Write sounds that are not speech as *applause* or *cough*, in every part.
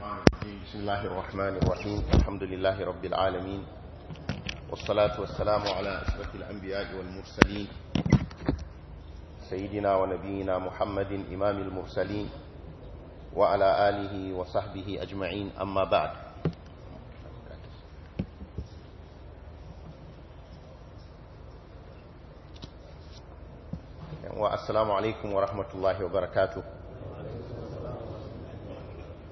بسم الله الرحمن الرحيم الحمد لله رب العالمين والصلاة والسلام على أشرف الأنبياء والمرسلين سيدنا ونبينا محمد إمام المرسلين وعلى آله وصحبه أجمعين أما بعد والسلام عليكم ورحمة الله وبركاته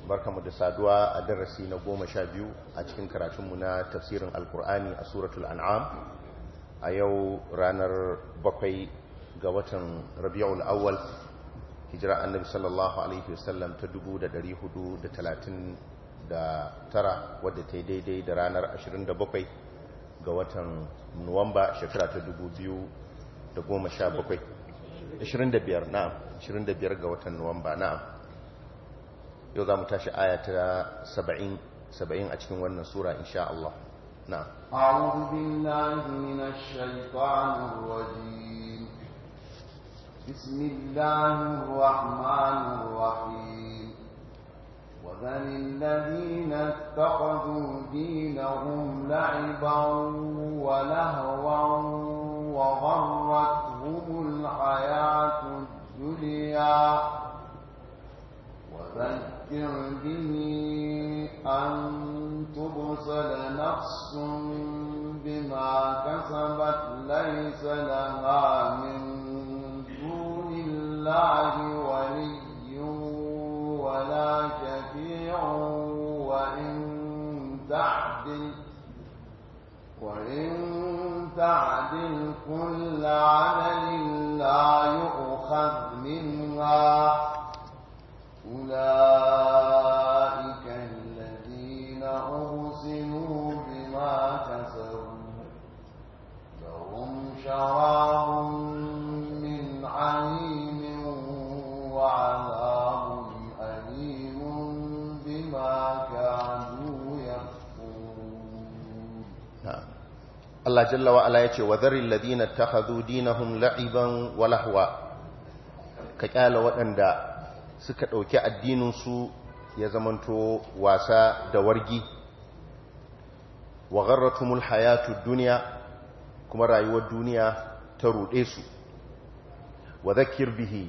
barkamu da saduwa a darasi na goma sha biyu a cikin karatunmu na tafsirin alkur'ani a suratul an'am a yau ranar bakwai ga watan rabi'ul awwal hijira annabi sallallahu alaihi wasallam ta dubu da dari hudu da talatin da tara wadda ta yi daidai da ranar ashirin da bakwai ga watan nuwamba shekara ta dubu biyu da goma sha bakwai ashirin da biyar ashirin da biyar ga watan nuwamba na'am yau za mu tashi aya ta 70 70 a cikin wannan sura insha Allah na a'udhu billahi minash shaitanir rajim bismillahir rahmanir rahim wa dhalil ladina taqadu dinahum la'iban wa lahwan wa gharratuhumul hayatud dunya wa به أن تبصل نفس بما كسبت ليس لها من دون الله ولي ولا شفيع وإن تعدل وإن تعدل كل عمل لا يؤخذ منها أولئك شراب من عين وعذاب أليم بما كانوا يكفرون نعم. الله جل وعلا يقول وذر الذين اتخذوا دينهم لعبا ولهوا كقال وأندا suka ɗauki addininsu ya zamanto wasa da wargi wa gharratumul الدنيا kuma rayuwar duniya ta ruɗe su wa zakir bihi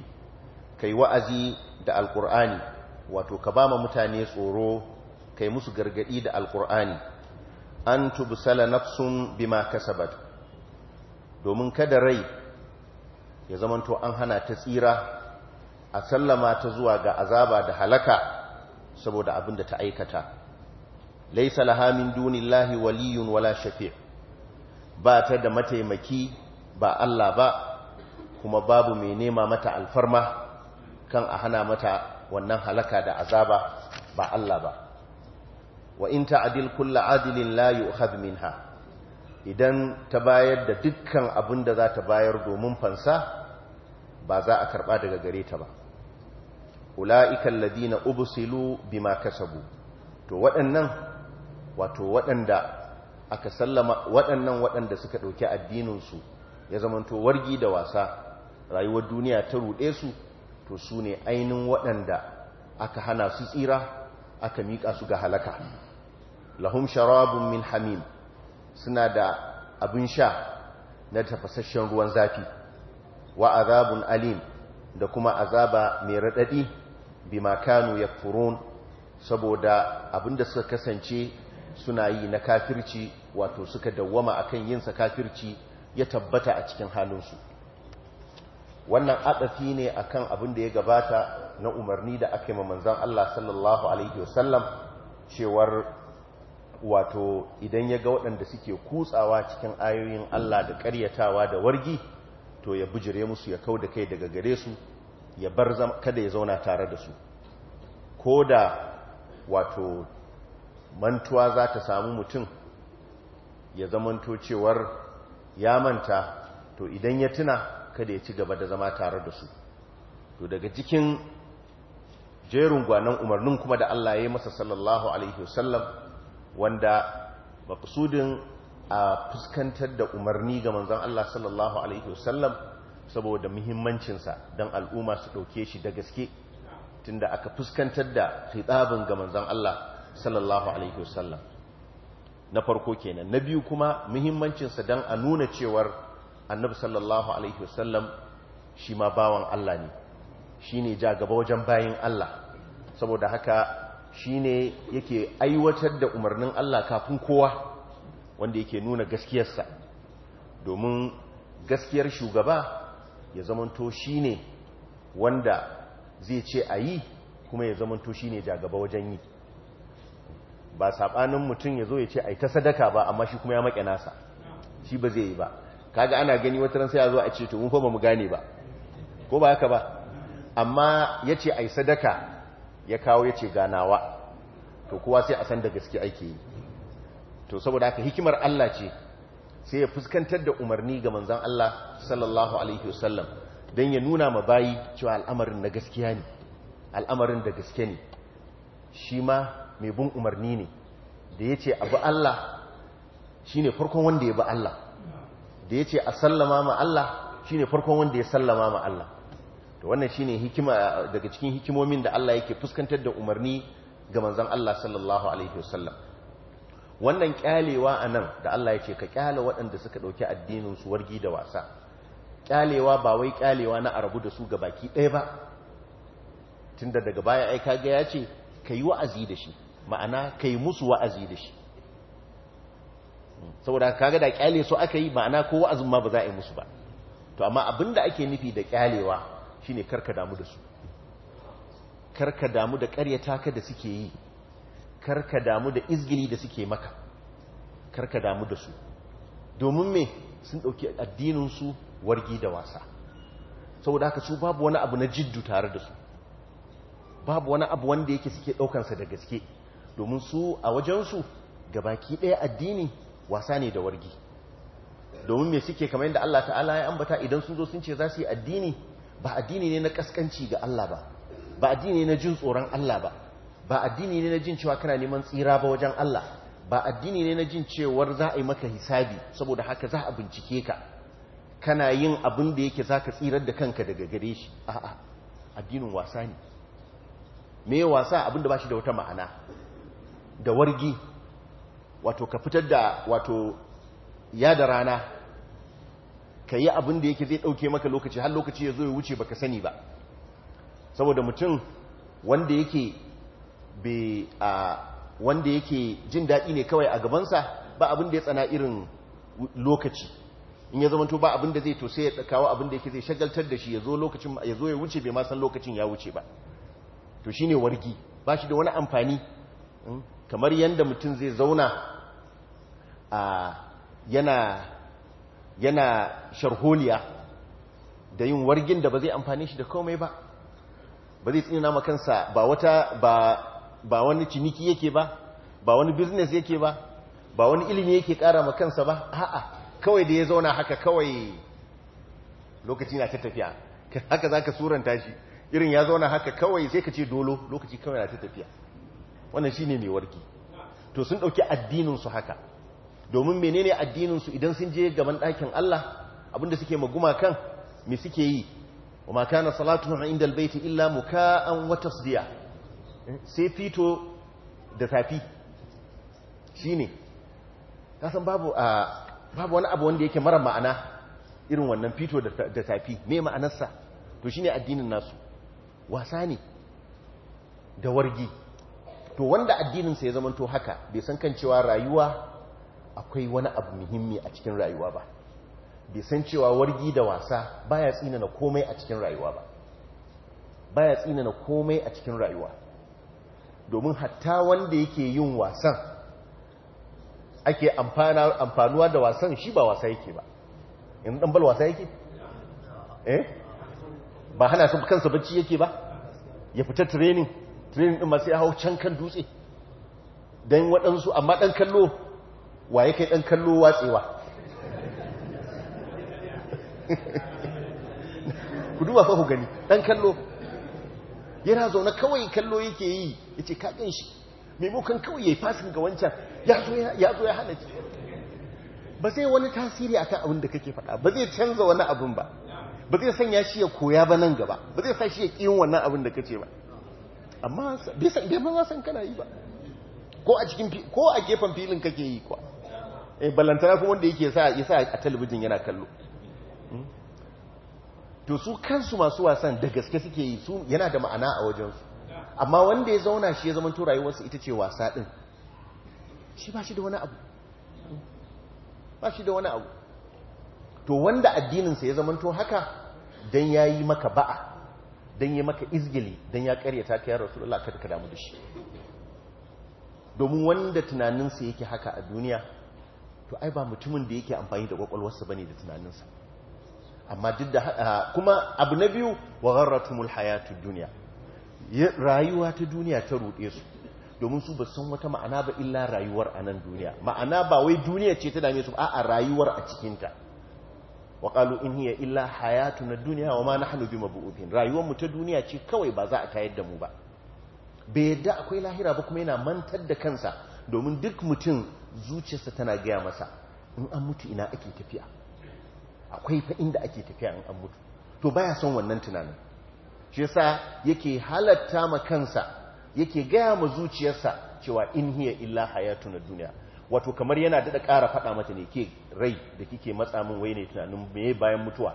kai wa'azi da alkur'ani wato ka ba mutane tsoro kai musu gargaɗi da alkur'ani an tubsala nafsun bima kasabat domin kada rai ya zamanto an hana ta tsira a sallama ta zuwa ga azaba da halaka saboda abin da ta aikata laisa lahamin dunillahi waliyun wala shafi' ba ta da mataimaki ba Allah ba kuma babu mai nema mata alfarma kan a hana mata wannan halaka da azaba ba Allah ba wa in ta'dil kullu adilin la yu'khadh minha idan ta bayar da dukkan abin da za ta bayar domin fansa ba za a karba daga gare ta ba ula'ikan ladina ubsilu bima kasabu to waɗannan wato waɗanda aka sallama waɗannan waɗanda suka ɗauki addininsu ya zamanto wargi da wasa rayuwar duniya ta ruɗe su to su ne ainihin waɗanda aka hana su tsira aka miƙa su ga halaka lahum sharabun min hamim suna da abin sha na tafasasshen ruwan zafi wa azabun alim da kuma azaba mai raɗaɗi bi makanu ya furon, saboda abin da suka kasance suna yi na kafirci wato suka dawwama akan yinsa kafirci ya tabbata a cikin halinsu wannan atsafi ne akan abin da ya gabata na umarni da aka yi ma manzon Allah sallallahu alaihi wasallam cewar wato idan ya ga waɗanda suke kutsawa cikin ayoyin Allah da ƙaryatawa da wargi to ya bujire musu ya kauda kai daga gare su ya bar kada ya zauna tare da su ko da wato mantuwa za ta samu mutum ya zamanto cewar ya manta to idan ya tuna kada ya ci gaba da zama tare da su to daga cikin jerin gwanon umarnin kuma da Allah ya yi masa sallallahu alaihi wasallam wanda maqsudin a fuskantar da umarni ga manzon Allah sallallahu alaihi wasallam saboda muhimmancinsa don al'umma su dauke shi da gaske tunda aka fuskantar da khitabin ga manzon Allah sallallahu alaihi wasallam na farko kenan na biyu kuma muhimmancinsa don a nuna cewar annabi sallallahu alaihi wasallam shi ma bawan Allah ne shi ne ja gaba wajen bayan Allah saboda haka shi ne yake aiwatar da umarnin Allah kafin kowa wanda yake nuna gaskiyarsa domin gaskiyar shugaba ya zamanto shi ne wanda zai ce a yi kuma ya zamanto shi ne ja wajen yi ba sabanin mutum ya zo ya ce ai ta sadaka ba amma shi kuma ya maƙe nasa shi ba zai yi ba kaga ana gani wata ran sai ya zo a ce to mun fa ba mu gane ba ko ba haka ba amma ya yace ai sadaka ya kawo ya ce ganawa to kowa sai a san da gaske ake yi to saboda haka hikimar Allah ce sai ya fuskantar da umarni ga manzon Allah sallallahu alaihi wasallam dan ya nuna ma bayi cewa al'amarin na gaskiya ne al'amarin da gaske ne shi ma mai bin umarni ne da ya ce abu Allah shi ne farkon wanda ya bi Allah da ya ce a sallama ma Allah shi ne farkon wanda ya sallama ma Allah to wannan shi ne daga cikin hikimomin da Allah yake fuskantar da umarni ga manzan Allah sallallahu alaihi wasallam wannan kyalewa a nan da Allah ya ce ka kyale waɗanda suka ɗauki addinin su wargi da wasa kyalewa ba wai kyalewa na arabu da su gabaki ɗaya ba tunda daga baya aika gaya ya ce ka yi wa'azi da shi ma'ana ka yi musu wa'azi da shi hmm. saboda kaga da kyale su aka yi ma'ana ko wa'azin ma ba za a yi musu ba to amma abin abinda ake nufi da kyalewa shine karka damu da su karka damu da karyata ka da suke yi karka damu da izgili da suke maka karka damu da su domin me sun dauki addinin su wargi da wasa saboda haka su babu wani abu na jiddu tare da su babu wani abu wanda yake suke daukansa da gaske domin su a wajensu gabaki ɗaya addini wasa ne da wargi domin mai suke kamar yadda Allah ta'ala ya ambata idan sun zo sun ce za su yi addini ba addini ne na kaskanci ga Allah ba ba addini ne na jin tsoron Allah ba ba addini ne na jin cewa kana neman tsira ba wajen Allah ba addini ne na jin cewar za a yi maka hisabi saboda haka za a bincike ka kana yin abin da yake za ka tsirar da kanka daga gare shi a'a addinin wasa ne me wasa abin da ba shi da wata ma'ana da wargi wato ka fitar da wato ya da rana ka yi abin da yake zai ɗauke maka lokaci har lokaci ya zo ya wuce baka sani ba saboda mutum wanda yake be a wanda yake jin daɗi ne kawai a gabansa ba abin da ya tsana irin lokaci in ya zama to ba abin da zai to sai ya kawo abin da yake zai shagaltar da shi ya zo lokacin ya zo ya wuce bai ma san lokacin ya wuce ba to shine wargi ba shi da wani amfani hmm? kamar yadda mutum zai zauna a yana yana sharholiya da yin wargin da ba zai amfani shi da komai ba ba zai tsina makansa ba wata ba wani ciniki yake ba ba wani biznes yake ba ba wani ilimi yake kara kansa ba a'a kawai da ya zauna haka kawai lokaci na ta tafiya haka zaka suranta shi irin ya zauna haka kawai sai ka ce dolo lokaci kawai na ta tafiya wannan shine mai warki to sun dauki addinin su haka domin menene addinin su idan sun je gaban ɗakin Allah abinda suke maguma kan me suke yi wa ma kana salatuhum inda albayti illa muka'an wa tasdiya sai fito da tafi shine san babu babu wani abu wanda yake mara ma'ana irin wannan fito da tafi me ma'anarsa to shine addinin nasu wasa ne da wargi to wanda addininsa ya zamanto haka bai san kan cewa rayuwa akwai wani abu muhimmi a cikin rayuwa ba bai san cewa wargi da wasa baya tsinana komai a cikin rayuwa ba baya tsinana komai a cikin rayuwa domin hatta wanda yake yin wasan ake amfanuwa da wasan shi ba wasa yake ba in dan bal wasa yake eh ba hana su kansa bacci yake ba ya fita training training din masu hau can kan dutse don waɗansu amma ɗan kallo wa yake kai ɗan kallo watsewa *laughs* ku duba fa ku gani ɗan kallo yana zaune kawai kallo yake yi ya ce kaɗin shi maimakon kawai ya yi fasin ga wancan ya zo ya hana ba zai wani tasiri a kan abin da kake faɗa ba zai canza wani abin ba ba zai sanya shi ya koya ba nan gaba ba zai sa shi ya ƙi yin wannan abin da kace ba amma bai ma san kana yi ba ko a cikin ko a gefen filin kake yi kwa eh ballantana kuma wanda yake sa yasa a talabijin yana kallo hmm? to su kansu masu wasan da gaske suke yi su yana da ma'ana a wajen su amma wanda ya zauna shi ya zaman to rayuwarsa ita ce wasa din shi ba shi da wani abu ba shi da wani abu to wanda addininsa ya zaman to haka dan yayi maka ba'a don yi maka izgili don ya karyata ka ya rasulullah kada ka damu da shi domin wanda tunaninsa yake haka a duniya to ai ba mutumin da yake amfani da kwakwalwarsa bane da tunaninsa amma duk da kuma abu na biyu wa mul hayatu duniya rayuwa ta duniya ta ruɗe su domin su ba san wata ma'ana ba illa rayuwar a nan duniya ma'ana ba wai duniya ce ta dame su a'a rayuwar a cikinta wa in hiya illa hayatuna dunya wa ma nahnu bimabu'uthin rayuwar mu ta duniya ce kawai ba za a tayar da mu ba bai yadda akwai lahira ba kuma yana mantar da kansa domin duk mutum zuciyarsa tana gaya masa in an mutu ina ake tafiya akwai fa inda ake tafiya in an mutu to baya son wannan tunanin shi yasa yake halatta ma kansa yake gaya ma zuciyarsa cewa in hiya illa hayatuna dunya wato kamar yana daɗa ƙara faɗa mata ne ke rai da kike matsa min wai ne tunanin me bayan mutuwa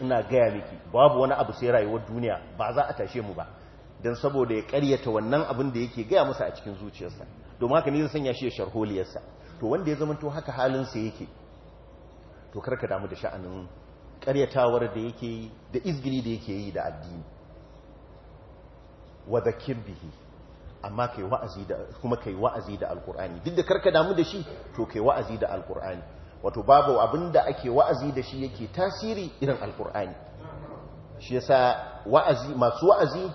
ina gaya miki babu wani abu sai rayuwar duniya ba za a tashe mu ba don saboda ya ƙaryata wannan abin da yake gaya masa a cikin zuciyarsa domin haka ne zai sanya shi ya sharholiyarsa to wanda ya zamanto haka halin halinsa yake to karka damu da sha'anin ƙaryatawar da yake yi da izgili da yake yi da addini wa zakir bihi amma kai wa'azi da kuma kai wa'azi da alkur'ani duk da karka damu da shi to kai wa'azi da alqur'ani wato babu abinda ake wa'azi da shi yake tasiri irin alqur'ani shi yasa wa'azi masu wa'azi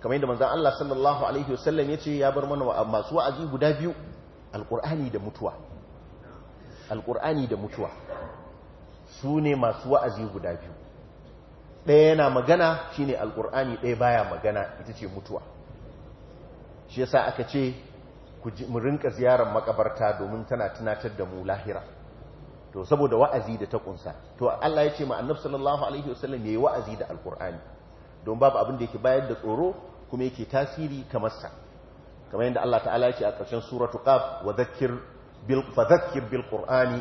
kamar yadda manzon Allah sallallahu alaihi wasallam yace ya bar mana masu wa'azi guda biyu alqur'ani da mutuwa alkur'ani da mutuwa su ne masu wa'azi guda biyu ɗaya yana magana shine alkur'ani ɗaya baya magana ita ce mutuwa shi yasa aka ce mu rinka ziyarar makabarta domin tana tunatar da mu lahira to saboda wa'azi da ta kunsa to Allah ya ce ma annabi sallallahu alaihi wasallam yayi wa'azi da alqur'ani don babu abin da yake bayar da tsoro kuma yake tasiri kamar sa kamar yadda Allah ta'ala ya ce a ƙarshen suratu qaf wa dhakkir bil ƙur'ani bil qur'ani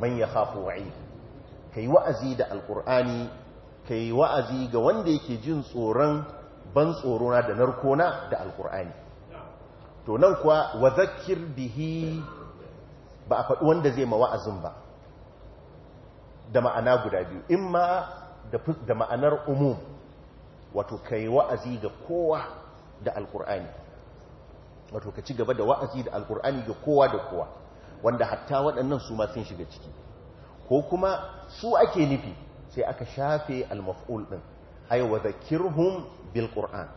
man yakhafu wa'id kai wa'azi da alqur'ani kai wa'azi ga wanda yake jin tsoron ban tsoro na da narkona da alqur'ani to nan kuwa wa zakir bihi ba a faɗi wanda zai mawa'azin ba da ma'ana guda biyu in ma da ma'anar umum wato ka yi wa'azi ga kowa da alkur'ani wato ka ci gaba da wa'azi da alkur'ani ga kowa da kowa wanda hatta waɗannan su ma sun shiga ciki ko kuma su ake nufi sai aka shafe almaf'ul ɗin ai wa zakirhum bil qur'an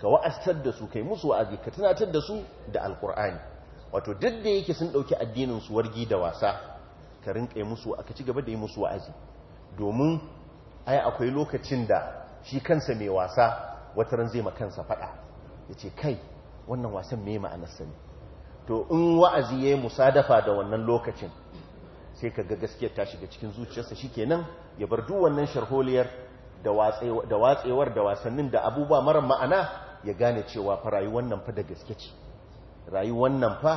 ka wa'astar da su kai musu wa'azi ka tunatar da su da alkur'ani wato duk da yake sun ɗauki addinin su wargi da wasa ka rinƙa musu aka ci gaba da yi musu wa'azi domin ai akwai lokacin da shi kansa mai wasa wata ran zai makansa faɗa ya ce kai wannan wasan mai ma'anar sani. to in wa'azi ya yi musadafa da wannan lokacin sai ka ga gaskiyar ta shiga cikin zuciyarsa shi ke nan, ya bar duk wannan sharholiyar da watsewar da wasannin da abubuwa mara ma'ana ya gane cewa fa rayuwar nan fa da gaske ce rayuwar nan fa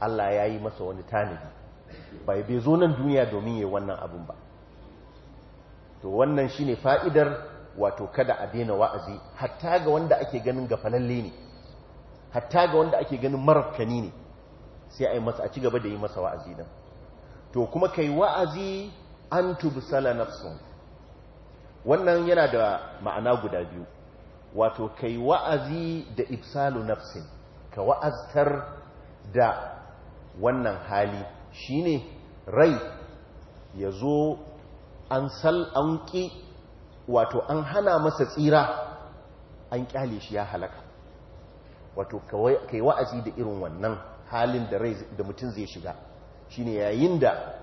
Allah ya yi masa wani tanadi bai bai zo nan duniya domin yi wannan abin ba to wannan shine fa'idar wato kada a daina wa'azi hatta ga wanda ake ganin gafalalle ne hatta ga wanda ake ganin marafkani ne sai a yi masa a ci gaba da yi masa wa'azi nan to kuma kai wa'azi an tubsala nafsun wannan yana da ma'ana guda biyu wato kai wa'azi da ifsalu nafsin ka wa'aztar da wannan hali shine rai ya zo an sal an ƙi wato an hana masa tsira an ƙyale shi ya halaka wato kai wa'azi da irin wannan halin da rai da mutum zai shiga shine yayin da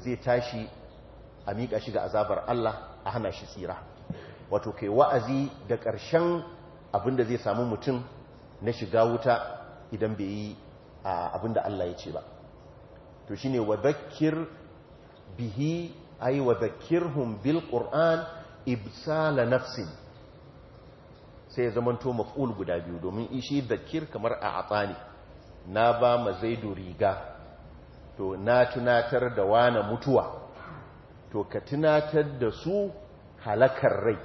zai tashi a miƙa shiga azabar Allah a hana shi tsira wato kai wa'azi da ƙarshen abinda zai samu mutum na shiga wuta idan bai yi abinda Allah ya ce ba to shine zakir bihi a yi zakir hun bil qur'an ibsala nafsin sai ya zamanto maf'ul guda biyu domin ishi zakir kamar a ne na ba ma zaidu riga to na tunatar da wana mutuwa to ka tunatar da su halakar rai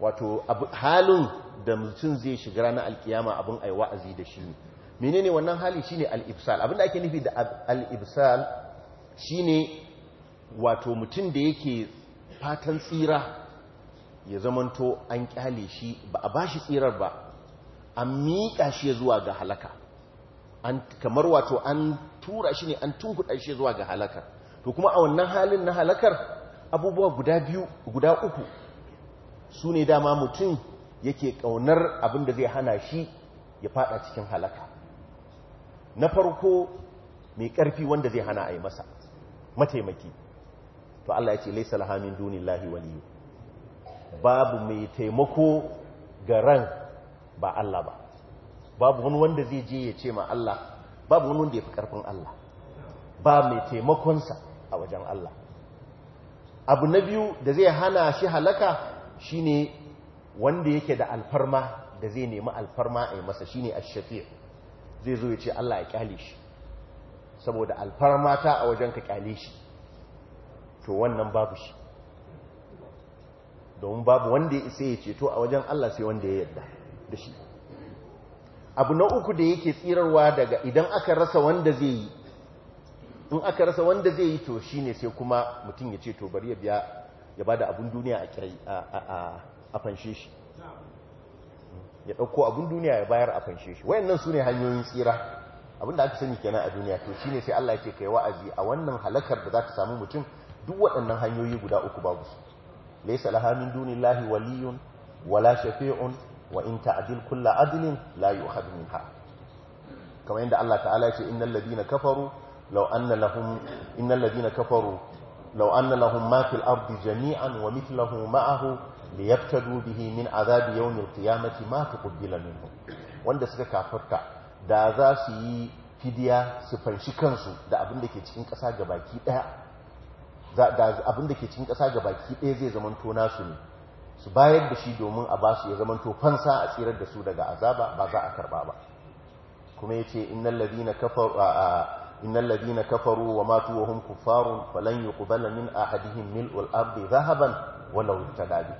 wato halin da mutum zai shiga rana alkiyama abin ai wa'azi da shi menene wannan hali shine al Abin abinda ake nufi da al-ibsal shine wato mutum da yake fatan tsira ya zamanto an kyale shi ba a bashi tsirar ba an miƙa shi zuwa ga halaka kamar wato an tura shi ne an tunkuɗa shi zuwa ga halaka to kuma a wannan halin na halakar abubuwa guda biyu guda uku su ne dama mutum yake ƙaunar abin da zai hana shi ya fada cikin halaka na farko mai ƙarfi wanda zai hana a yi masa mataimaki to Allah ya ce laisa lahamin dunillahi waliyu babu mai taimako ga ran ba Allah ba babu wani wanda zai je ya ce ma Allah babu wani wanda ya fi ƙarfin Allah ba mai taimakonsa a wajen Allah abu na biyu da zai hana shi halaka Shi ne wanda yake da alfarma da zai nemi alfarma a yi masa ne a shafi zai zo ya ce Allah ya kyale shi saboda alfarma ta a wajen ka kyale shi to wannan babu shi domin babu wanda ya isa ya ceto a wajen Allah sai wanda ya yarda da shi abu na uku da yake tsirarwa daga idan aka rasa wanda zai yi in aka rasa wanda zai yi to shi ne sai kuma mutum ya ce to bari ya biya ya bada abun duniya a kirai a fanshe shi ya ɗauko abun duniya ya bayar a fanshe shi wayannan su ne hanyoyin tsira abinda aka sani kenan a duniya to shine sai Allah yake kai wa'azi a wannan halakar da za ta samu mutum duk waɗannan hanyoyi guda uku babu su laysa laha min dunillahi waliyun wala shafi'un wa in ta'dil kullu adlin la yu'khadhu minha kamar yadda Allah ta'ala ya ce innal ladina kafaru law anna lahum innal ladina kafaru لو أن لهم ما في الأرض جميعا ومثله معه ليفتدوا به من عذاب يوم القيامة ما تقبل منهم wanda suka kafarta da za su yi fidiya su fanshi kansu da abin da ke cikin ƙasa ga baki ɗaya da abin da ke cikin ƙasa ga baki ɗaya zai zamanto nasu ne su bayar da shi domin a basu ya zamanto fansa a tsirar da su daga azaba ba za a karba ba kuma ya ce innal ladina kafa. إن الذين كفروا وماتوا وهم كفار فلن يقبل من أحدهم ملء الأرض ذهبا ولو ابتدى به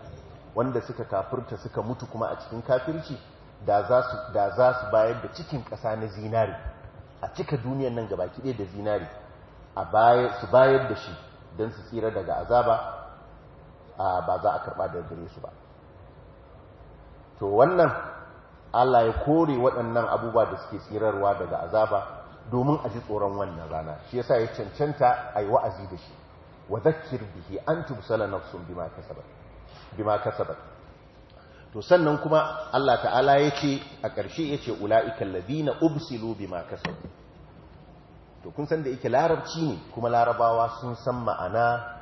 wanda suka kafirta suka mutu kuma a cikin kafirci da za su da za su bayar da cikin ƙasa na zinari a cika duniyar nan gabaki ɗaya da zinari a su bayar da shi don su tsira daga azaba a ba za a karɓa da gare su ba to wannan Allah ya kore waɗannan abubuwa da suke tsirarwa daga azaba domin a ji tsoron wannan rana shi yasa ya cancanta a yi wa'azi da shi wa zakir bihi an tubsala nafsun bima kasabat bima kasabar to sannan kuma Allah ta'ala ya ce a ƙarshe ya yace na ladina ubsilu bima kasabu to kun san da yake larabci ne kuma larabawa sun san ma'ana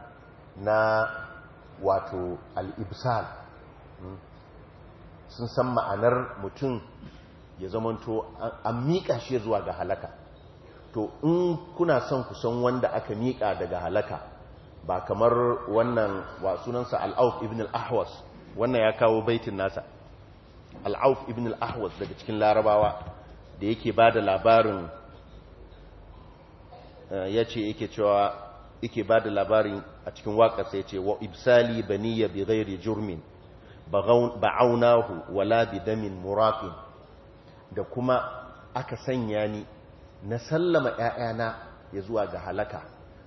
na wato al-ibsal hmm? sun san ma'anar mutum ya zamanto an miƙa shi zuwa ga halaka to in kuna son ku san wanda aka miƙa daga halaka ba kamar wannan wasunansa sunansa al'auf ibn al'ahwas wannan ya kawo baitin nasa al'auf ibn al'ahwas daga cikin larabawa da yake ba da labarin eh, ya ce yake cewa yake ba da labarin a cikin waƙasa ya ce wa ibsali baniya bi gairi jurmin ba'aunahu wala bi damin murafin da kuma aka sanya ni na sallama ‘ya'yana ya zuwa ga halaka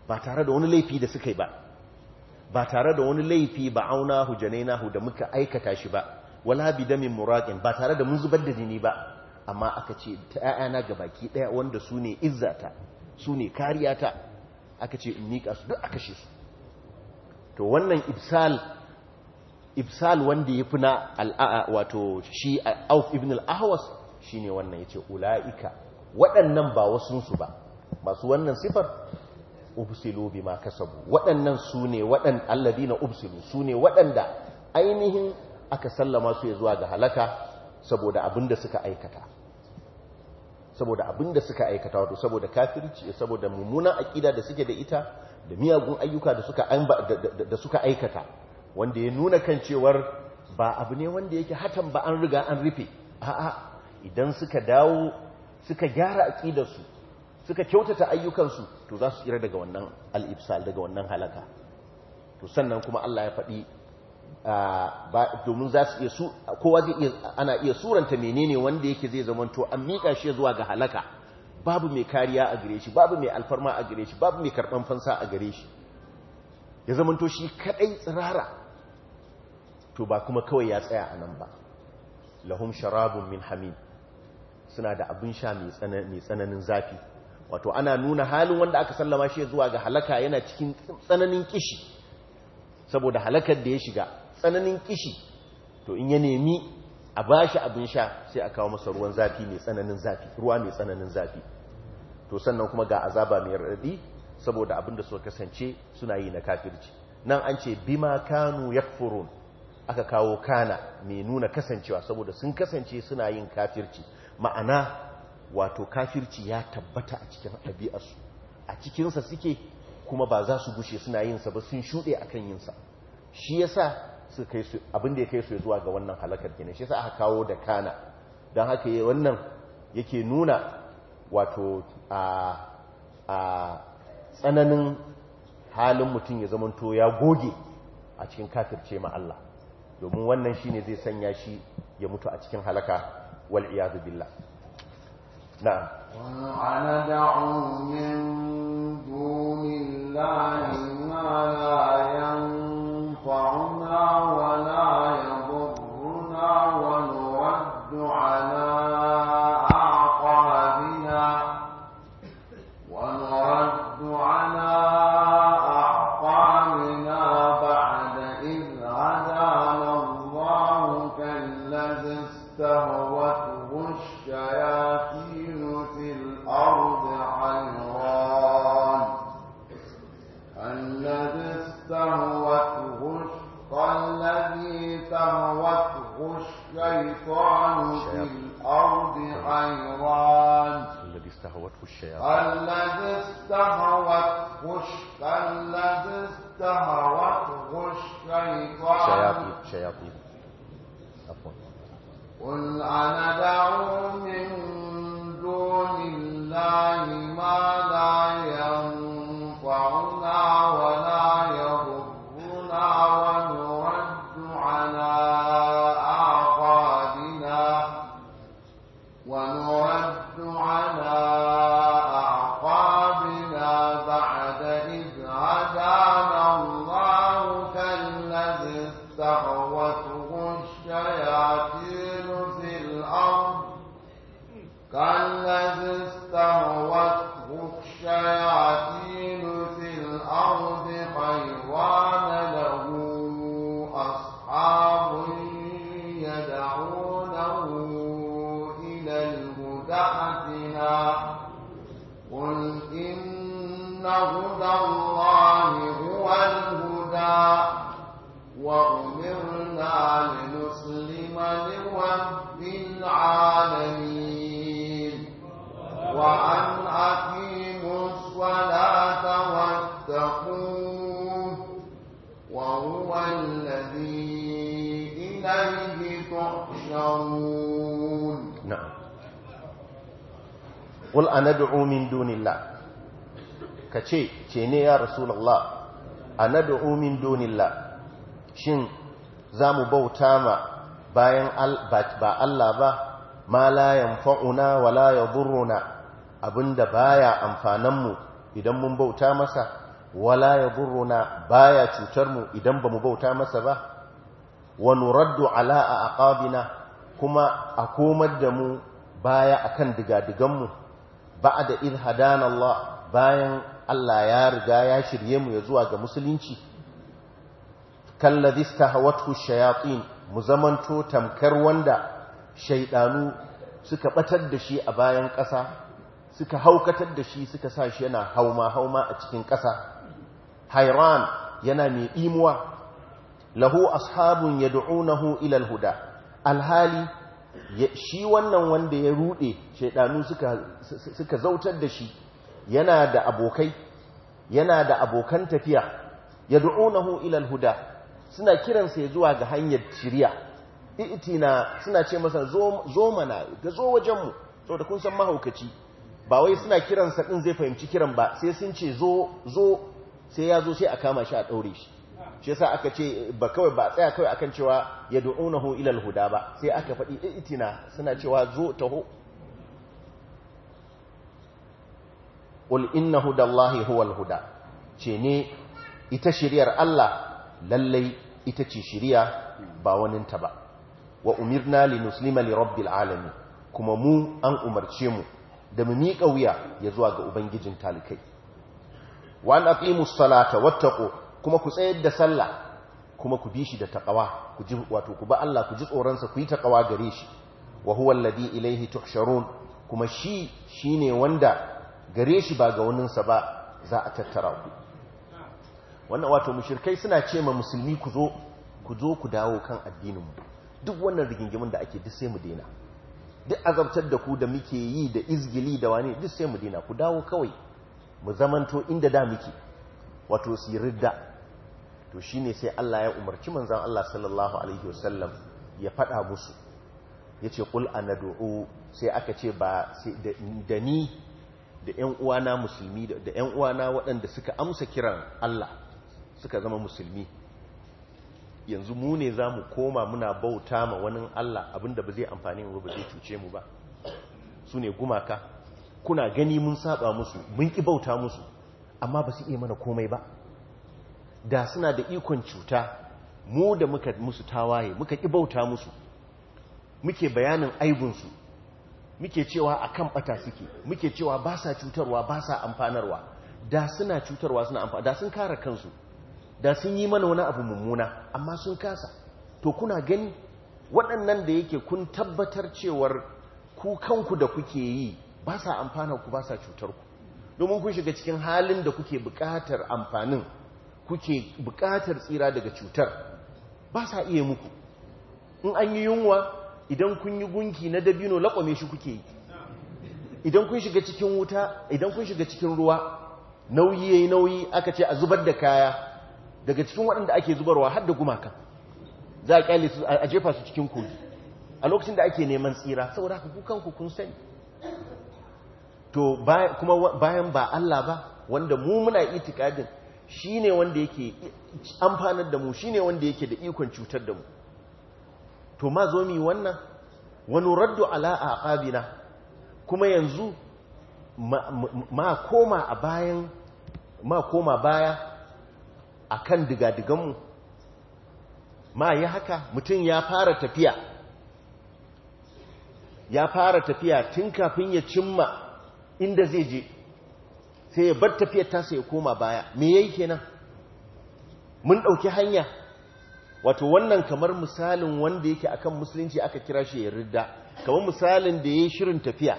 ba tare da wani laifi da suka yi ba ba tare da wani laifi ba auna hu janainahu da muka aikata shi ba wala bidamin muraƙin ba tare da mun zubar da jini ba amma aka ce ta ‘ya'yana ga baki ɗaya wanda su ne izzata su ne kariyata aka ce in miƙa su duk aka shi su to wannan ibsal ibsal wanda ya fi na wato shi auf ibn al-ahwas shine wannan yace ula'ika waɗannan ba wasunsu ba masu wannan sifar ubsilu ma kasabu waɗannan su ne waɗan alladina ubsilu su ne waɗanda ainihin aka sallama su ya zuwa ga halaka saboda abin da suka aikata saboda abin da suka aikata wato saboda kafirci saboda mummuna aqida da suke da ita da miyagun ayyuka da suka da suka aikata wanda ya nuna kan cewar ba abu ne wanda yake hatan ba an riga an rufe a'a idan suka dawo suka gyara aqidarsu suka kyautata ayyukansu to za su tsira daga wannan al-ibsal daga wannan halaka to sannan kuma Allah ya faɗi domin za su iya su kowa zai ana iya suranta menene wanda yake zai to an mika shi zuwa ga halaka babu mai kariya a gare shi babu mai alfarma a gare shi babu mai karban fansa a gare shi ya zamanto shi kaɗai tsirara to ba kuma kawai ya tsaya anan ba lahum sharabun min hamim suna da abin sha mai tsananin zafi wato ana nuna halin wanda aka sallama shi zuwa ga halaka yana cikin tsananin kishi saboda halakar da ya shiga tsananin kishi to in ya nemi a ba shi abin sha sai a kawo masa ruwan zafi mai tsananin zafi ruwa mai tsananin zafi to sannan kuma ga azaba mai raɗi saboda abin da suka kasance suna yi na kafirci nan an ce bima kanu yakfurun aka kawo kana mai nuna kasancewa saboda sun kasance suna yin kafirci ma'ana wato kafirci ya tabbata a cikin ɗabi'arsu a cikinsa suke kuma ba za su gushe suna yinsa ba sun shuɗe a kan yinsa shi ya sa da ya kai su zuwa ga wannan halakar gina shi ya sa aka kawo da kana don haka yi wannan yake nuna wato a tsananin halin mutum ya zamanto ya goge a cikin kafirce ma Allah domin wannan shi ne zai sanya shi ya mutu a cikin halaka والعياذ بالله نعم وعن دعوا من دون الله ما لا ينفعنا ولا يضرنا ونرد على आभूय qul anad'u min dunillah kace ce ne ya rasulullah anad'u min dunillah shin zamu bauta ma bayan ba Allah ba ma la yanfa'una wa la yadhurruna abinda baya amfanan mu idan mun bauta masa wala yadhurruna baya cutar mu idan bamu bauta masa ba wa nuraddu ala aqabina kuma a komar da mu baya akan digadigan mu ba'da idh hadana Allah bayan Allah ya riga ya shirye mu ya zuwa ga musulunci kalladhi istahawathu shayatin mu zamanto tamkar wanda shaydanu suka batar da shi a bayan ƙasa suka haukatar da shi suka sa shi yana hauma hauma a cikin ƙasa hayran yana mai imuwa lahu ashabun yad'unahu ila alhuda alhali shi wannan wanda ya rude shaidanu suka zautar da shi yana da abokai yana da abokan tafiya yad'unahu ila huda suna kiransa ya zuwa ga hanyar shiriya itina suna ce masa zo mana ga zo wajenmu saboda kun san mahaukaci ba wai suna kiransa din zai fahimci kiran ba sai sun ce zo sai ya zo sai a kama shi a daure shi shi yasa aka ce ba kawai ba tsaya kawai akan cewa yad'unahu ila al-huda ba sai aka faɗi itina suna cewa zo taho qul inna hudallahi huwal huda ce ne ita shiriyar Allah lallai ita ce shiriya ba wani ta ba wa umirna linuslima nuslima li rabbil alamin kuma mu an umarce mu da mu miƙa wuya ya zuwa ga ubangijin talikai wa an aqimus salata wattaqu kuma ku tsayar da sallah kuma ku bi shi da taqwa ku ji wato ku ba Allah ku ji tsoron sa ku yi taqwa gare shi wa huwa alladhi ilayhi tuhsharun kuma shi shine wanda gare shi ba ga sa ba za a tattara ku wannan wato mushrikai suna ce ma musulmi ku zo ku zo ku dawo kan addinin mu duk wannan rigingimin da ake duk sai mu daina duk azabtar da ku da muke yi da izgili da wani duk sai mu daina ku dawo kawai mu zamanto inda da muke wato siridda to ne sai Allah ya umarci manzan Allah sallallahu alaihi wasallam ya faɗa musu ya ce yace a nadu'u sai aka ce ba da ni da ƴan uwana musulmi da ƴan uwana waɗanda suka amsa kiran Allah suka zama musulmi yanzu mu ne za mu koma muna bauta ma wani Allah abinda ba zai amfani mu ba zai cuce mu ba su ne gumaka kuna gani mun saba musu mun ki bauta musu amma ba su iya mana komai ba da suna da ikon cuta mu da muka musu tawaye muka ki bauta musu muke bayanin aibinsu muke cewa a kan bata suke muke cewa ba sa cutarwa ba sa amfanarwa da suna cutarwa suna amfana da sun kare kansu da sun yi mana wani abu mummuna amma sun kasa to kuna gani waɗannan da yake kun tabbatar cewar ku kanku da kuke yi ba sa amfana ku ba sa cutarku domin kun shiga cikin halin da kuke buƙatar amfanin kuke bukatar tsira daga cutar ba sa iya muku in an yi yunwa idan kun yi gunki na dabino laƙwame shi kuke yi idan kun shiga cikin wuta idan kun shiga cikin ruwa nauyi yayi nauyi aka ce a zubar da kaya daga cikin waɗanda ake zubarwa har da gumaka za a kyale su a jefa su cikin kogi a lokacin da ake neman tsira saboda haka kukan kun sani to kuma bayan ba Allah ba wanda mu muna itikadin shi ne wanda yake amfanar da mu shi ne wanda yake da ikon cutar da mu to ma zo mi wannan wani raddu ala'a a ƙabina kuma yanzu ma koma a bayan ma koma baya a kan digadiganmu ma yi haka mutum ya fara tafiya ya fara tafiya tun kafin ya cimma inda zai je sai ya bar tafiyar tasa ya koma baya me yayi kenan mun dauki hanya wato wannan kamar misalin wanda yake akan musulunci aka kira shi ya kamar misalin da ya yi shirin tafiya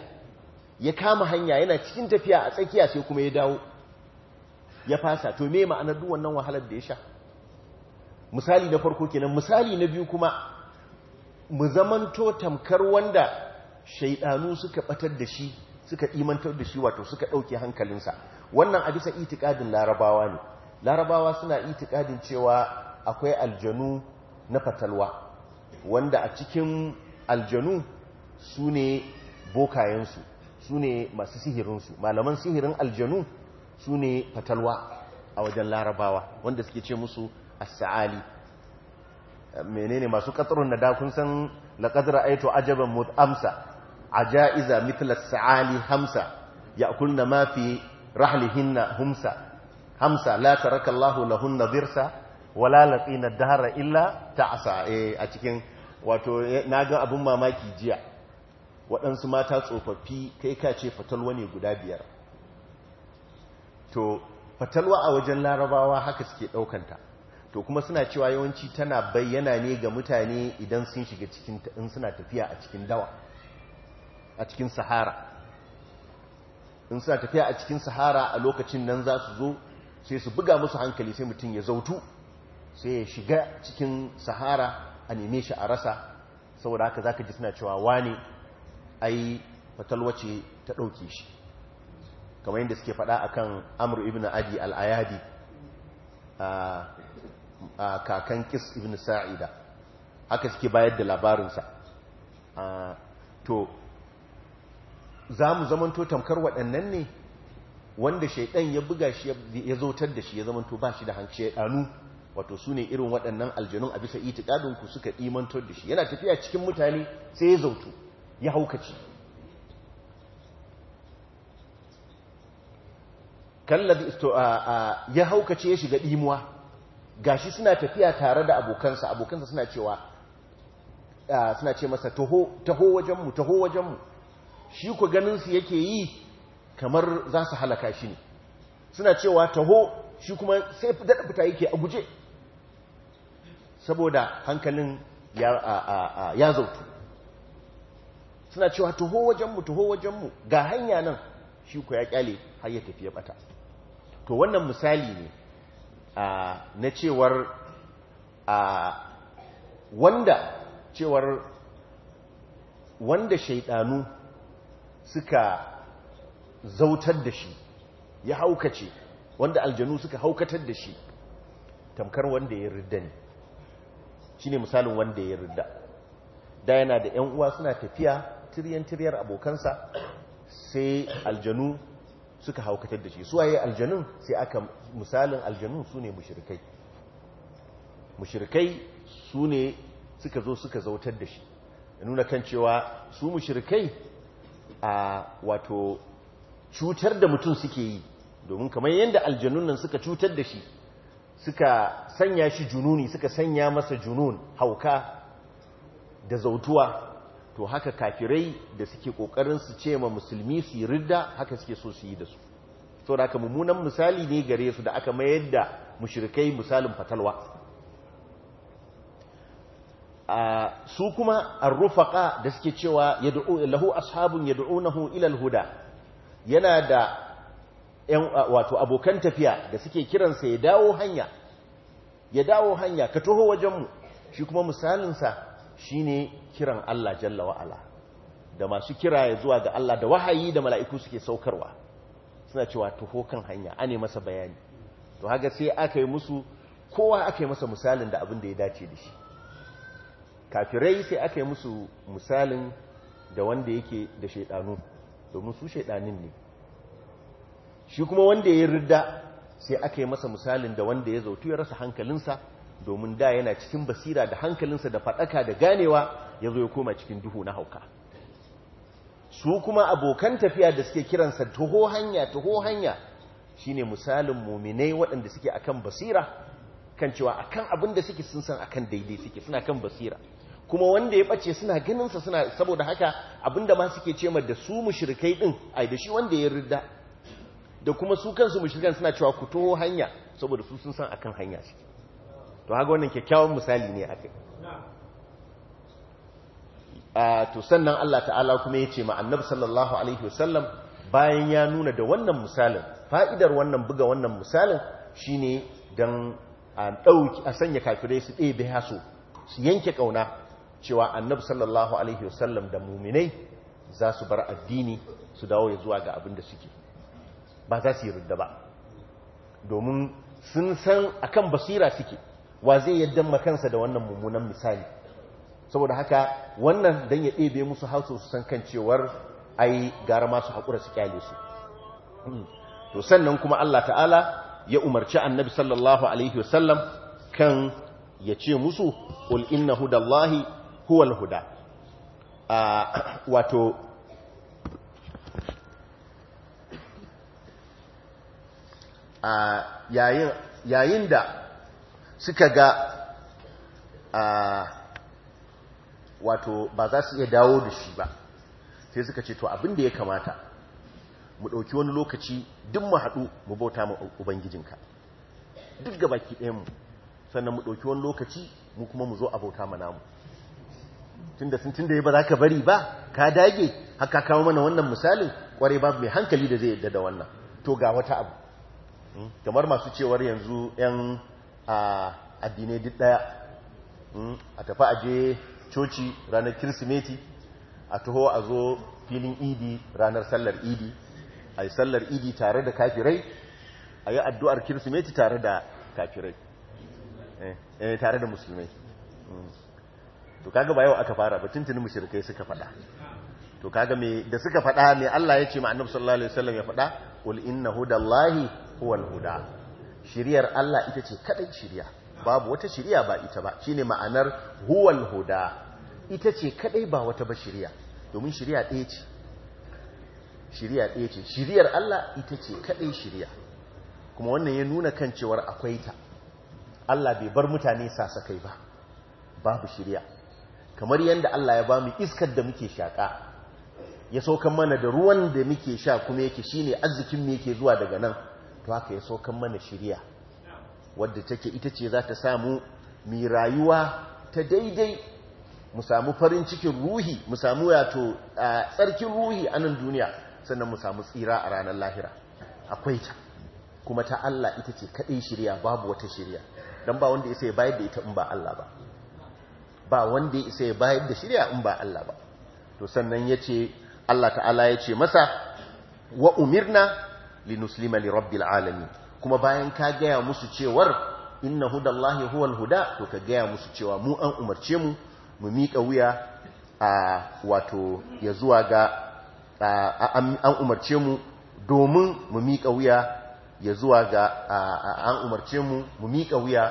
ya kama hanya yana cikin tafiya a tsakiya sai kuma ya dawo ya fasa to me ma'anar duk wannan wahalar da ya sha misali na farko kenan misali na biyu kuma mu zamanto tamkar wanda shaidanu suka batar da shi suka imantar da shi wato suka ɗauke hankalinsa wannan a bisa itikadin larabawa ne larabawa suna itikadin cewa akwai aljanu na fatalwa wanda a cikin aljanu su ne bokayensu su ne masu sihirinsu malaman sihirin aljanu su ne fatalwa a wajen larabawa wanda suke ce musu a saali menene masu katsarun da kun san aito ra'aytu ajaban amsa? ajaiza mithla sa'ali hamsa ya'kulna mafi fi rahlihinna humsa hamsa la taraka Allahu lahunna dirsa wala laqina dahra illa ta'sa eh, a cikin wato eh, naga abun mamaki jiya waɗansu mata tsofaffi kai ka ce fatalwa ne guda biyar to fatalwa a wajen larabawa haka suke ɗaukanta to kuma suna cewa yawanci tana bayyana ne ga mutane idan sun shiga cikin in suna tafiya a cikin dawa a cikin sahara in suna tafiya a cikin sahara a lokacin nan za su zo sai su buga musu hankali sai mutum ya zautu sai ya shiga cikin sahara a neme shi a rasa saboda haka za ka ji suna cewa wane ai fatalwace ta ɗauke shi kamar yadda suke faɗa a kan amur ibn adi al'ayadi a kakan kis ibn sa'ida haka suke bayar da labarinsa to za mu zamanto tamkar waɗannan ne wanda shaidan ya buga shi ya zautar da shi ya zamanto ba shi da hanci ɗanu wato su ne irin waɗannan aljanun a bisa itikadinku suka imantar da shi yana tafiya cikin mutane sai ya zautu ya haukaci ya haukace ya shiga ɗimuwa ga shi suna tafiya tare da abokansa abokansa suna cewa suna ce masa taho wajenmu taho wajenmu shi ku ganinsu yake yi kamar za su halaka shi ne suna cewa taho shi kuma sai daɗa fita yake a guje saboda hankalin ya zautu suna cewa taho wajenmu taho wajenmu ga hanya nan shi ku ya kyale har ya tafiye bata to wannan misali ne na cewar wanda cewar wanda shaidanu suka zautar da shi ya haukace wanda aljanu suka haukatar da shi tamkar wanda ya ridda ne shi ne misalin wanda ya ridda da yana da 'yan uwa suna tafiya tiryan-tiryar abokansa sai aljanu suka haukatar da shi su waye aljanun sai aka misalin aljanun su ne mushirikai mushirikai su ne suka zo suka zautar da shi nuna kan cewa su mushirikai a wato cutar da mutum suke yi domin kamar yadda aljanun nan suka cutar da shi suka sanya shi jununi suka sanya masa junun hauka da zautuwa to haka kafirai da suke kokarin su ce ma musulmi su yi ridda haka suke so su yi da su da haka mummunan misali ne gare su da aka mayar da mushirikai misalin fatalwa su kuma an rufaka da suke cewa lahu ashabun yad'unahu ilal huda yana da 'yan wato abokan tafiya da suke kiransa ya dawo hanya ya dawo hanya ka taho wajenmu shi kuma misalinsa ne kiran Allah jalla wa'ala da masu kira ya zuwa ga Allah da wahayi da mala'iku suke saukarwa suna cewa taho kan hanya ne masa bayani to haga sai aka yi musu kowa aka yi masa misalin da abin da ya dace da shi kafirai sai aka yi musu misalin da wanda yake da shaidanu domin su shaidanin ne shi kuma wanda ya yi rida sai aka yi masa misalin da wanda ya zautu ya rasa hankalinsa domin da yana cikin basira da hankalinsa da fadaka da ganewa ya zo ya koma cikin duhu na hauka su kuma abokan tafiya da suke kiransa taho hanya taho hanya shine misalin muminai waɗanda suke akan basira kan cewa akan abin da suke sun san akan daidai suke suna kan basira kuma wanda ya bace suna ganin sa suna saboda haka abinda ma suke ce da su mushrikai din ai da shi wanda ya ridda da kuma su kansu mushrikan suna cewa ku toho hanya saboda su sun san akan hanya shi to haka wannan kyakkyawan misali ne akai a to sannan Allah ta'ala kuma ya ce ma annabi sallallahu alaihi wasallam bayan ya nuna da wannan misalin fa'idar wannan buga wannan misalin shine dan a dauki a sanya kafirai su ɗebe haso su yanke kauna cewa annabi sallallahu alaihi wasallam da muminai za su bar addini su dawo ya zuwa ga abin da suke ba za su yi rudda ba domin sun san akan basira suke wa zai yadda makansa da wannan mummunan misali saboda haka wannan dan ya ɗebe musu hausa su san kan cewar ai gara masu haƙura su kyale su to sannan kuma Allah ta'ala ya umarci annabi sallallahu alaihi wasallam kan ya ce musu qul inna hudallahi huwal huda wato yayin da suka ga wato ba za su iya dawo da shi ba sai suka ce to abin da ya kamata mu ɗauki wani lokaci duk mu haɗu mu bauta mu ubangijinka duk ga baki mu, sannan mu ɗauki wani lokaci mu kuma mu zo a bauta mu namu tunda sun tunda ya ba za ka bari ba ka dage haka kawo mana wannan misalin kware babu mai hankali da zai yadda da wannan to ga wata abu hmm? kamar masu cewar yanzu yan addinai duk daya hmm? a tafi aje coci ranar kirsimeti a taho a zo filin idi ranar sallar idi a yi sallar idi tare da kafirai a yi addu'ar kirsimeti tare da kafirai eh, eh, tare da musulmai hmm. to kaga ba yau aka fara ba tuntuni mushrikai suka faɗa to kaga me da suka faɗa me Allah ya ce ma annabi sallallahu alaihi wasallam ya faɗa qul inna hudallahi huwal huda shiriyar Allah ita ce kadai shiriya babu wata shiriya ba ita ba shine ma'anar huwal huda ita ce kadai ba wata ba shiriya domin shiriya ɗaya ce shiriya ɗaya ce shiriyar Allah ita ce kadai shiriya kuma wannan ya nuna kan cewar akwai ta Allah bai bar mutane sasakai ba babu shiriya kamar yadda Allah ya ba mu iskar da muke shaƙa, ya saukan mana da ruwan da muke sha kuma yake shine arzikin mu yake zuwa daga nan to haka ya saukan mana shiriya wadda take ita ce za ta samu mi rayuwa ta daidai mu samu farin cikin ruhi mu samu yato tsarkin ruhi a nan duniya sannan mu samu tsira a ranar lahira akwai ta kuma ta Allah ita ce kaɗai shirya babu wata shirya don ba wanda ya sai bayar da ita in ba Allah ba ba wanda isa ya bayar da shirya in ba Allah ba to sannan ya ce Allah ta'ala ya ce masa wa umirna linuslima li rabbil alamin kuma bayan ka gaya musu cewar inna hudallahi huwal huda to ka gaya musu cewa mu an umarce mu mu miƙa wuya a wato ya zuwa ga an umarce mu domin mu miƙa wuya ya zuwa ga an umarce mu mu miƙa wuya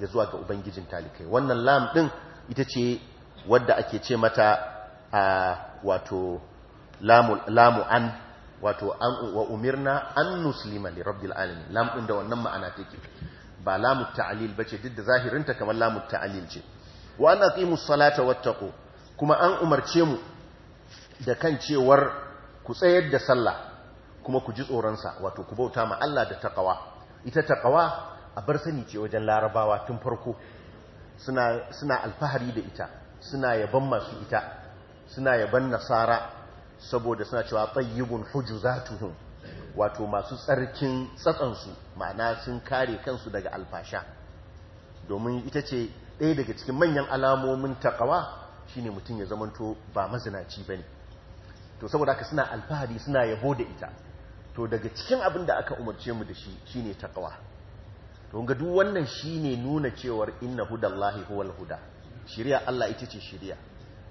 ya zuwa ga ubangijin talikai wannan lam din ita ce wadda ake ce mata a wato lamu an wato an wa umirna an nuslima li rabbil alamin lam da wannan ma'ana take ba lamu ta'lil bace duk da zahirinta kamar lamu ta'lil ce wa an aqimus salata wattaqu kuma an umarce mu da kan cewar ku tsayar da sallah kuma ku ji tsoron sa wato ku bauta ma Allah da taqwa ita taqwa a bar sani ce wajen larabawa tun farko suna alfahari da ita suna yaban masu ita suna yaban nasara saboda suna cewa tsayyibun tuhun wato masu tsarkin tsatsansu ma'ana sun kare kansu daga alfasha domin ita ce ɗaya daga cikin manyan alamomin takawa shine mutum ya zamanto ba mazinaci ba ne, to saboda haka suna alfahari suna yabo da ita to daga cikin abin da aka umarce mu da shi shine takawa to ga duk wannan shi ne nuna cewar inna hudallahi huwal huda shirya Allah ita ce shirya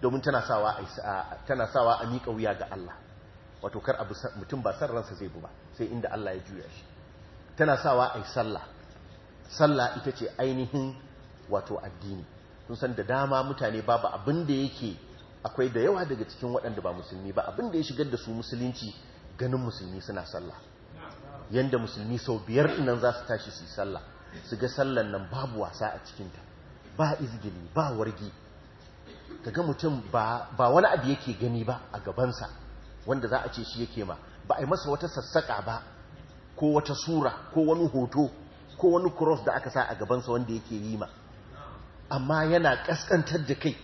domin tana sawa a miƙa wuya ga Allah wato kar abu mutum ba san ransa zai bu ba sai inda Allah ya juya shi tana sawa yi sallah sallah ita ce ainihin wato addini kun san da dama mutane babu abin da yake akwai da yawa daga cikin waɗanda ba musulmi ba abin da ya shigar da su musulunci ganin musulmi suna sallah yanda musulmi sau biyar nan za su tashi su yi sallah su ga sallan nan babu wasa a cikinta ba izgili ba wargi kaga mutum ba wani abu yake gani ba a gabansa wanda za a ce shi yake ma ba a yi masa wata sassaƙa ba ko wata sura ko wani hoto ko wani cross da aka sa a gabansa wanda yake yi ma amma yana ƙasƙantar da kai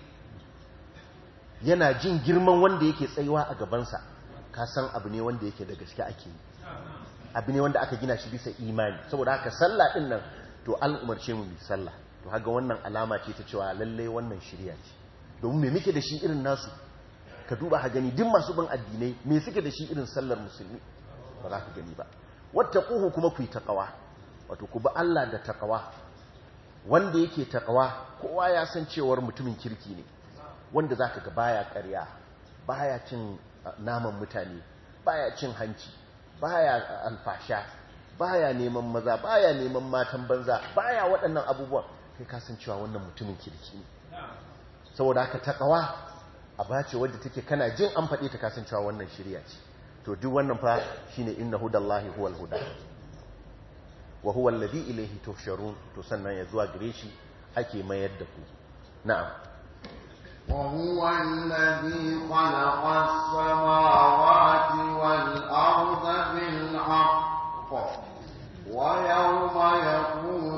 yana jin girman wanda yake tsayuwa a gabansa ka san abu ne wanda yake da gaske ake yi abu ne wanda aka gina shi bisa imani saboda haka sallah din nan to an umarce mu sallah to haga wannan alama ce ta cewa lalle wannan shirya ce domin me muke da shi irin nasu ka duba ha gani duk masu bin addinai me suke da shi irin sallar musulmi ba za ka gani ba Wata wattaquhu kuma ku yi taqwa wato ku bi Allah da taqwa wanda yake taqwa kowa ya san cewar mutumin kirki ne wanda zaka ga baya ƙarya baya cin ah, naman mutane baya cin hanci baya alfasha baya neman maza baya neman matan banza baya waɗannan abubuwan kai kasancewa wannan mutumin kirki ne saboda aka takawa a bace wadda take kana jin an faɗi ta kasancewa wannan shirya ce to duk wannan fa shine inna hudallahi huwal huda wa huwa alladhi ilayhi tuhsharun to sannan ya zuwa gare shi ake mayar da ku na'am وهو الذي خلق السماوات والأرض بالحق ويوم يقول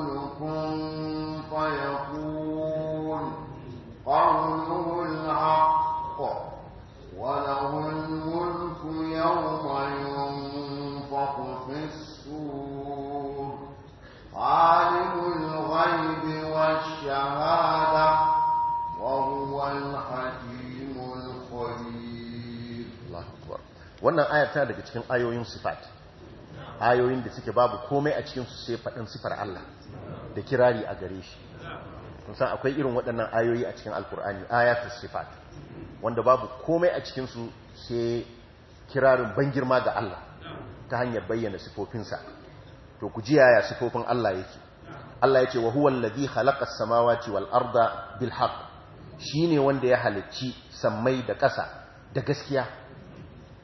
ambata daga cikin ayoyin sifat ayoyin da suke babu komai a cikinsu sai faɗin sifar Allah da kirari a gare shi san akwai irin waɗannan ayoyi a cikin alkur'ani ayatul sifat wanda babu komai a cikinsu sai kirarin ban girma ga Allah ta hanyar bayyana sifofinsa to ku ji yaya sifofin Allah yake Allah yake wa huwa allazi khalaqa as-samawati wal arda bil haqq shine wanda ya halicci sammai da ƙasa da gaskiya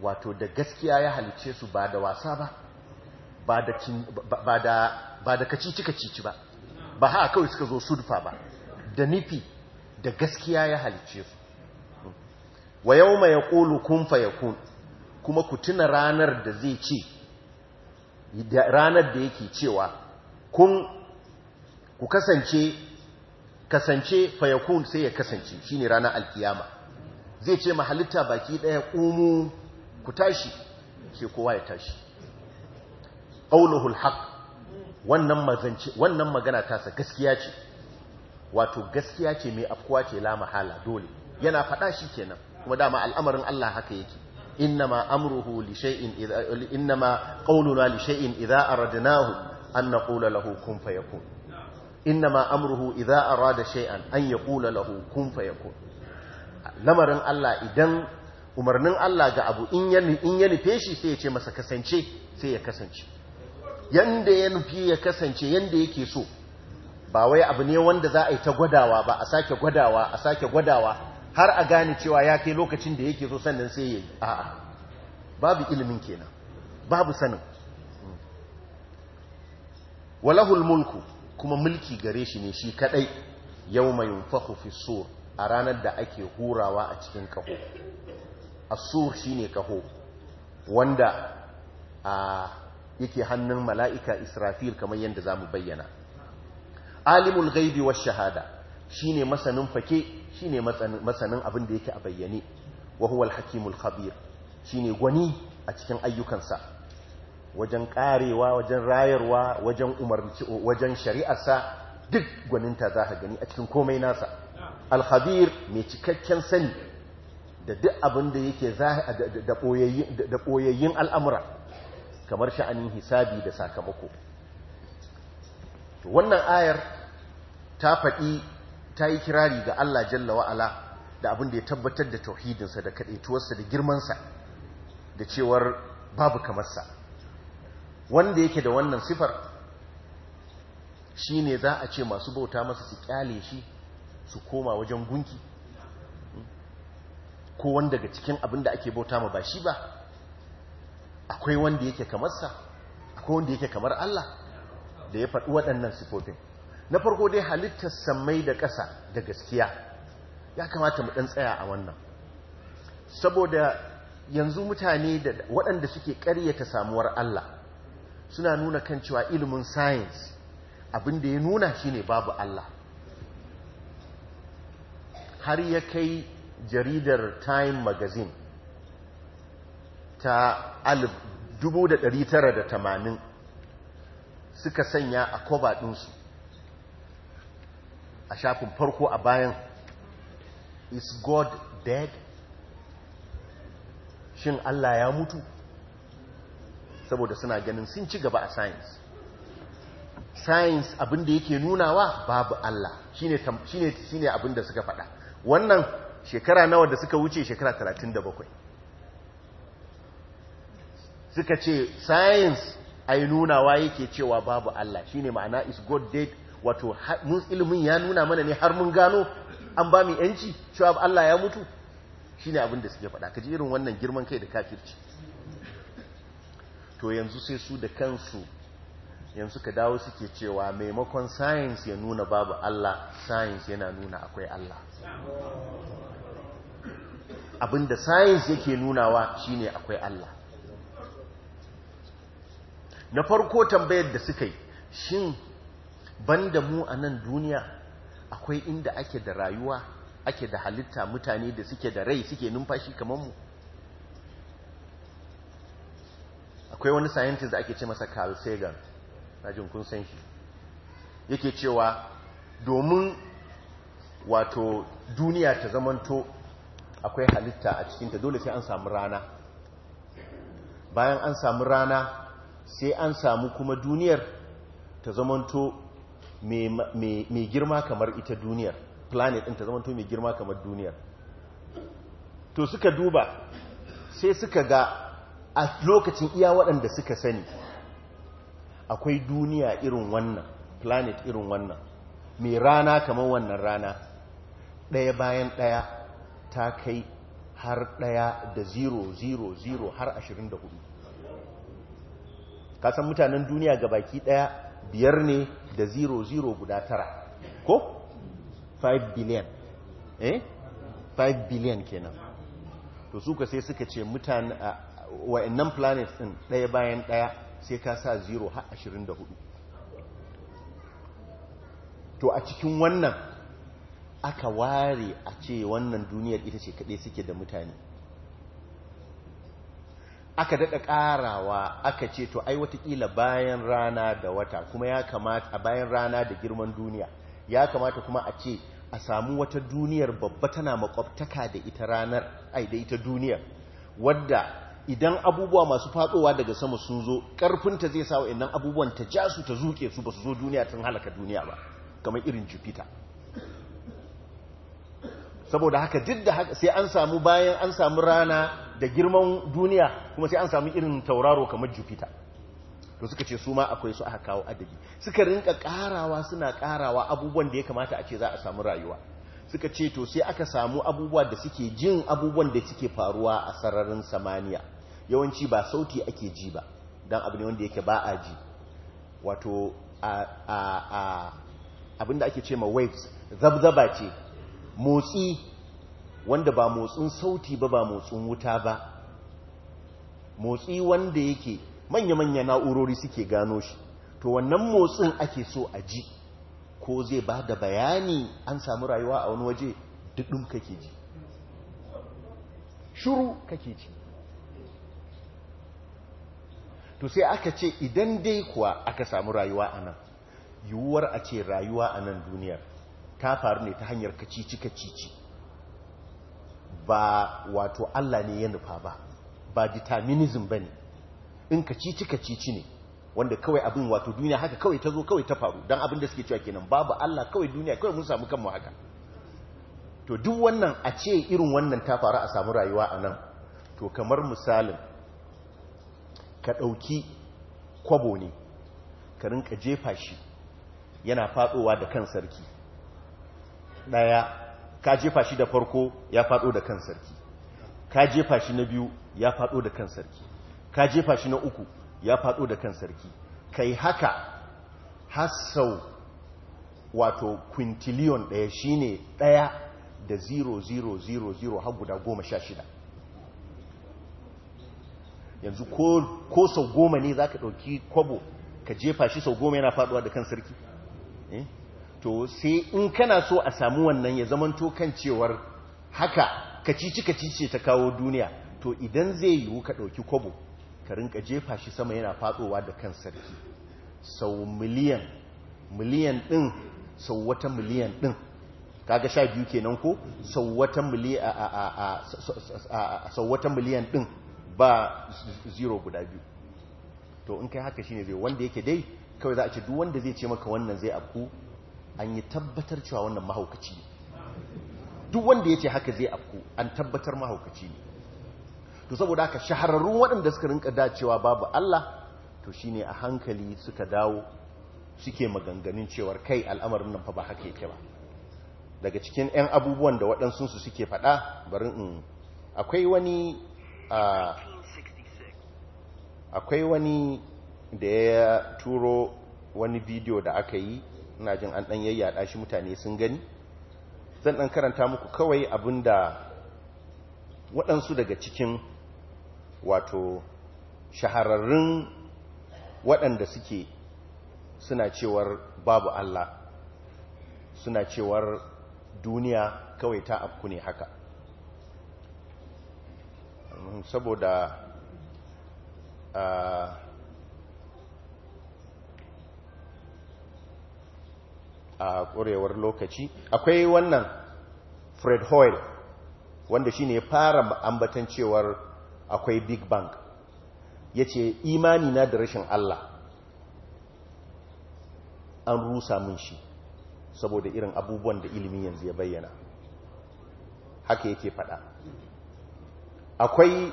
wato da gaskiya ya halice su ba da wasa ba ba da kacici-kacici ba ba haka kawai suka zo sudufa ba da nufi da gaskiya ya halice su wa yau mai ya ƙolu kun fayakun kuma ku tuna ranar da zai ce ranar da yake cewa kun ku kasance kasance fayakun sai ya kasance shi ne ranar alkiyama zai ce mahalitta baki ɗaya ƙumu ku tashi sai kowa ya tashi qauluhul haqq wannan magance wannan magana tasa gaskiya ce wato gaskiya ce mai afkuwa ce la mahala dole yana faɗa shi kenan kuma dama al'amarin Allah haka yake innama amruhu li shay'in idha innama qawluna li shay'in idha aradnahu an naqula lahu kun fayakun innama amruhu idha arada shay'an an yaqula lahu kun fayakun lamarin Allah idan umarnin Allah ga abu in ya nufe shi sai ya ce masa kasance sai ya kasance yanda ya nufi ya kasance yanda yake so ba wai abu ne wanda za a yi ta gwadawa ba a sake gwadawa a sake gwadawa har a gane cewa ya kai lokacin da yake so sannan sai ya yi a'a babu ilimin kenan babu sanin walahul mulku kuma mulki gare shi ne shi kadai yau yunfakhu fi sur a ranar da ake hurawa a cikin kaho asur shine kaho wanda a yake hannun mala'ika israfil kamar yadda za mu bayyana alimul gaibi wa shahada shine masanin fake shine masanin abin da yake a bayyane wa huwa alhakimul khabir shine gwani a cikin ayyukansa wajen karewa wajen rayarwa wajen umarci wajen shari'arsa duk gwaninta za ka gani a cikin komai nasa alhabir mai cikakken sani da duk abin da yake da ɓoyayyin al'amura kamar sha'anin hisabi da sakamako wannan ayar ta faɗi ta yi kirari ga Allah jalla wa'ala da abin da ya tabbatar da tauhidinsa da kaɗaituwarsa da girmansa da cewar babu kamarsa wanda yake da wannan sifar shi ne za a ce masu bauta masa su kyale shi su koma wajen gunki ko wanda ga cikin abin da ake bauta ma ba shi ba akwai wanda yake kamar sa akwai wanda yake kamar Allah da ya faɗi waɗannan sifofin na farko dai halittar sammai da ƙasa da gaskiya ya kamata mu ɗan tsaya a wannan saboda yanzu mutane da waɗanda suke ƙaryata samuwar Allah suna nuna kan cewa ilimin science abin da ya nuna shine babu Allah har ya kai jaridar time magazine ta 1980 suka sanya a koba ɗinsu a shafin farko a bayan is god dead shin allah ya mutu saboda suna ganin sun ci gaba a science science abinda yake nunawa babu allah shine shine abinda suka faɗa wannan shekara nawa da suka wuce shekara 37 suka ce science ai nunawa yake cewa babu Allah shine ma'ana is god dead wato mun ilimin ya nuna mana ne har mun gano an ba mu yanci cewa Allah ya mutu shine abin da suke faɗa kaji irin wannan girman kai da kafirci to yanzu sai su da kansu yanzu ka dawo suke cewa maimakon science ya nuna babu Allah science yana nuna akwai Allah abinda science yake nunawa shine akwai Allah na farko tambayar da suka yi shin da mu a nan duniya akwai inda ake da rayuwa ake da halitta mutane da suke da rai suke numfashi kamar mu akwai wani scientist da ake ce masa Carl Sagan na jin kun san shi yake cewa domin wato duniya ta zamanto akwai halitta a cikinta dole sai an samu rana bayan an samu rana sai an samu kuma duniyar ta zamanto mai girma kamar ita duniyar planet ɗin ta zamanto mai girma kamar duniyar to suka duba sai suka ga a lokacin iya waɗanda suka sani akwai duniya irin wannan planet irin wannan mai rana kamar wannan rana ɗaya bayan ɗaya ta kai har ɗaya da 000 har 24 kasan mutanen duniya ga baki ɗaya biyar ne da 00 guda tara ko 5 billion eh 5 billion kenan to suka sai suka ce mutane wa'annan planet ɗin ɗaya bayan ɗaya sai ka sa 0 har 24 to a cikin wannan aka ware a ce wannan duniyar ita ce kaɗai suke da mutane aka daɗa ƙarawa aka ce to ai watakila bayan rana da wata kuma ya kamata a bayan rana da girman duniya ya kamata kuma a ce a samu wata duniyar babba tana makwabtaka da ita ranar ai da ita duniyar wadda idan abubuwa masu fatsowa daga sama sun zo karfinta zai sa wa'annan abubuwan ta ja su ta zuke su ba su zo duniya sun halaka duniya ba kamar irin jupiter saboda haka duk da haka sai an samu bayan an samu rana da girman duniya kuma sai an samu irin tauraro kamar jupiter to suka ce su ma akwai su aka kawo adadi suka rinka karawa suna karawa abubuwan da ya kamata a ce za a samu rayuwa suka ce to sai aka samu abubuwa da suke jin abubuwan da suke faruwa a sararin samaniya yawanci ba sauti ake ji ba don abu ne wanda yake ba a ji wato abinda ake ce ma waves zabzaba ce motsi wanda ba motsin sauti ba ba motsin wuta ba motsi wanda yake manya-manya na'urori suke gano shi to wannan motsin ake so a ji ko zai ba da bayani an samu rayuwa a wani waje duk kake ji shuru kake ji to sai aka ce idan dai kuwa aka samu rayuwa a nan yiwuwar a ce rayuwa a nan duniyar ta faru ne ta hanyar kacici-kacici ba wato Allah ne ya nufa ba ba determinism ba ne in kacici-kacici ne wanda kawai abin wato duniya haka kawai ta zo kawai ta faru don abin da suke cewa kenan babu Allah kawai duniya kawai mun samu kanmu haka to duk wannan a ce irin wannan ta faru a samu rayuwa a nan to kamar misalin ka ɗauki kwabo ne ka rinka jefa shi yana faɗowa da kan sarki ɗaya ka jefa shi da farko ya faɗo da kan sarki ka jefa shi na biyu ya faɗo da kan sarki ka jefa shi na uku ya faɗo da kan sarki kai haka hassau wato quintillion ɗaya shine ɗaya da 0000 har guda goma sha shida yanzu ko sau goma ne za ka ɗauki kwabo ka jefa shi sau goma yana faɗuwa da kan sarki to sai in kana so a samu wannan ya zamanto kan cewar haka kacici kacici ta kawo duniya to idan zai yiwu ka ɗauki kwabo ka rinka jefa shi sama yana faɗowa da kan sarki sau miliyan miliyan ɗin sau wata miliyan ɗin kaga sha biyu kenan ko sau wata miliyan ɗin ba zero guda biyu to in kai haka shine zai wanda yake dai kawai za a ce duk wanda zai ce maka wannan zai afku an yi tabbatar cewa wannan mahaukaci ne duk wanda ya haka zai afku an tabbatar mahaukaci ne to saboda haka shahararrun waɗanda suka rinka dacewa babu Allah to shine a hankali suka dawo suke maganganun cewar kai al'amarin nan fa ba haka yake ba daga cikin 'yan abubuwan da waɗansu suke faɗa bari in akwai wani Ah. akwai wani da ya turo wani bidiyo da aka yi na jin an ɗan yayyada shi mutane sun gani zan ɗan karanta muku kawai da waɗansu daga cikin wato shahararrun waɗanda suke suna cewar babu Allah suna cewar duniya kawai ta afku ne haka Mm, saboda a a ƙurewar lokaci akwai wannan fred hoyle wanda shi ne fara ambatan cewar akwai big bang ya ce imani na da rashin allah an rusa mun shi saboda irin abubuwan da ilimin yanzu ya bayyana haka yake fada akwai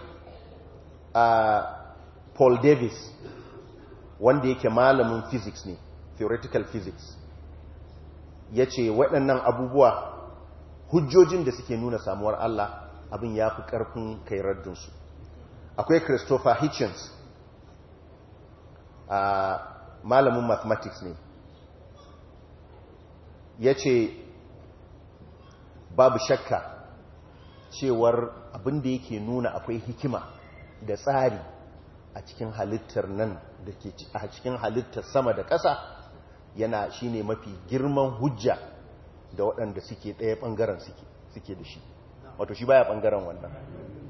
Paul Davis wanda yake malamin physics ne theoretical physics ya ce waɗannan abubuwa hujjojin da suke nuna samuwar Allah abin ya fi ƙarfin kai raddinsu akwai Christopher Hitchens a malamin mathematics ne ya ce babu shakka cewar abin da yake nuna akwai hikima da tsari a cikin halittar nan da ke a cikin halittar sama da ƙasa yana shi ne mafi girman hujja da waɗanda suke ɗaya ɓangaren suke da shi wato shi baya ɓangaren wannan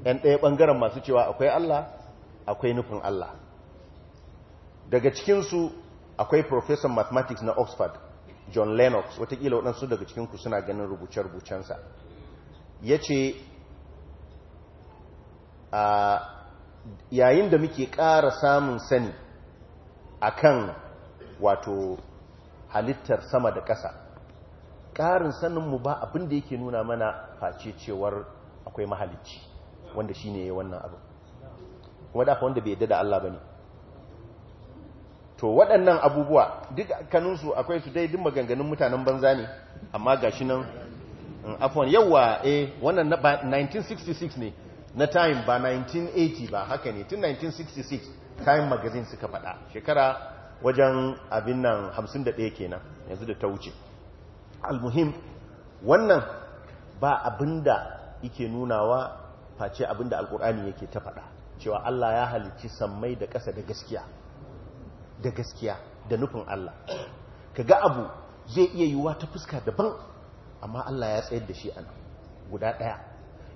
ɗan ɗaya ɓangaren masu cewa akwai Allah akwai nufin Allah daga cikinsu akwai professor mathematics na oxford john lennox watakila waɗansu daga cikinku suna ganin rubuce-rubucensa ya ce yayin da muke ƙara samun sani a kan wato halittar sama da ƙasa ƙarin saninmu ba abin da yake nuna mana face cewar akwai mahalicci wanda shi ne ya wannan abu kuma dafa wanda bai yadda da Allah ba ne to waɗannan abubuwa duk kanunsu akwai su dai duk maganganun mutanen banza ne amma ga shi nan afon yawwa, eh wannan 1966 ne na time ba 1980 ba haka ne tun 1966 time magazine suka fada shekara wajen abin nan 51 kenan yanzu da ta wuce almuhim wannan ba abinda yake nunawa face abinda alkur'ani yake ta fada cewa Allah ya halicci sammai da ƙasa da gaskiya da gaskiya da nufin Allah kaga abu zai iya yiwuwa ta fuska daban amma Allah ya tsayar da shi anan guda ɗaya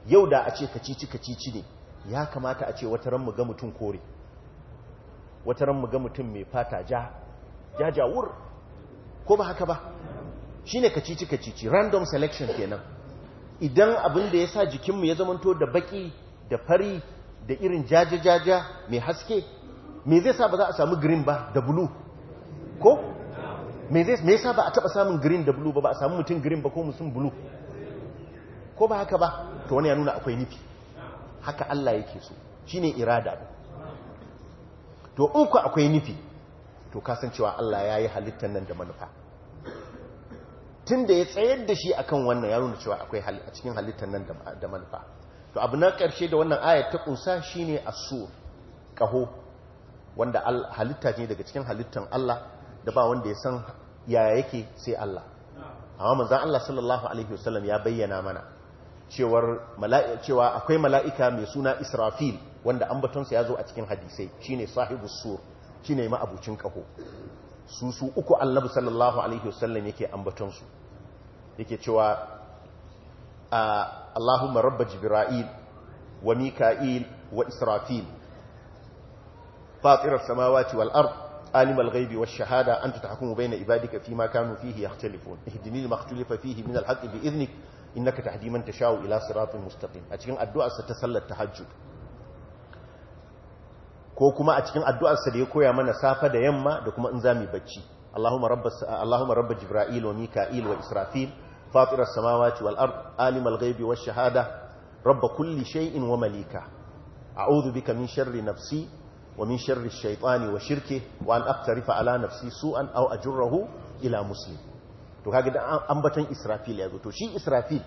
yau da a ce kacici kacici ne ya kamata a ce wata ran mu ga mutum kore wata ran mu ga mutum mai fata ja ja jawur ko ba haka ba shine kacici kacici random selection kenan idan abin da ya sa jikinmu ya zamanto da baki da fari da irin jajajaja mai haske me zai sa ba za a samu green ba da blue ko me zai me yasa ba a taba samun green da blue ba ba a samu mutum green ba ko mutum blue ko ba haka ba to wani ya nuna akwai nufi haka Allah yake so shine irada to in ku akwai nufi to kasancewa Allah ya yi halittar nan da manufa tun da ya tsayar da shi akan wannan ya nuna cewa akwai a cikin halittar nan da manufa to abu na ƙarshe da wannan ayat ta kunsa shine asur kaho wanda halitta ne daga cikin halittar Allah da ba wanda ya san yaya yake sai Allah amma manzon Allah sallallahu alaihi wasallam ya bayyana mana cewar cewa akwai mala'ika mai suna israfil wanda ambatonsa ya zo a cikin hadisai shine sahibus sur shine ma'abucin kaho su su uku annabi sallallahu alaihi wasallam yake ambatonsu yake cewa Allahumma rabba jibrail wa mika'il wa israfil fatirar samawati wal ard عالم الغيب والشهادة أنت تحكم بين عبادك فيما telefon فيه يختلفون maktulifa المختلف فيه من bi iznik. innaka ta man tashau ila siratin mustaqim a cikin addu'arsa ta sallar tahajjud ko kuma a cikin addu'arsa da ya koya mana safa da yamma da kuma in zami bacci Allahumma rabb Allahumma rabb Jibril wa Mika'il wa Israfil fatir as-samawati wal ard alim al-ghaibi wash shahada rabb kulli shay'in wa malika a'udhu bika min sharri nafsi wa min sharri ash-shaytani wa shirke. wa an aqtarifa ala nafsi su'an aw ajurruhu ila muslim to kaga da ambaton israfil ya zo to shi israfil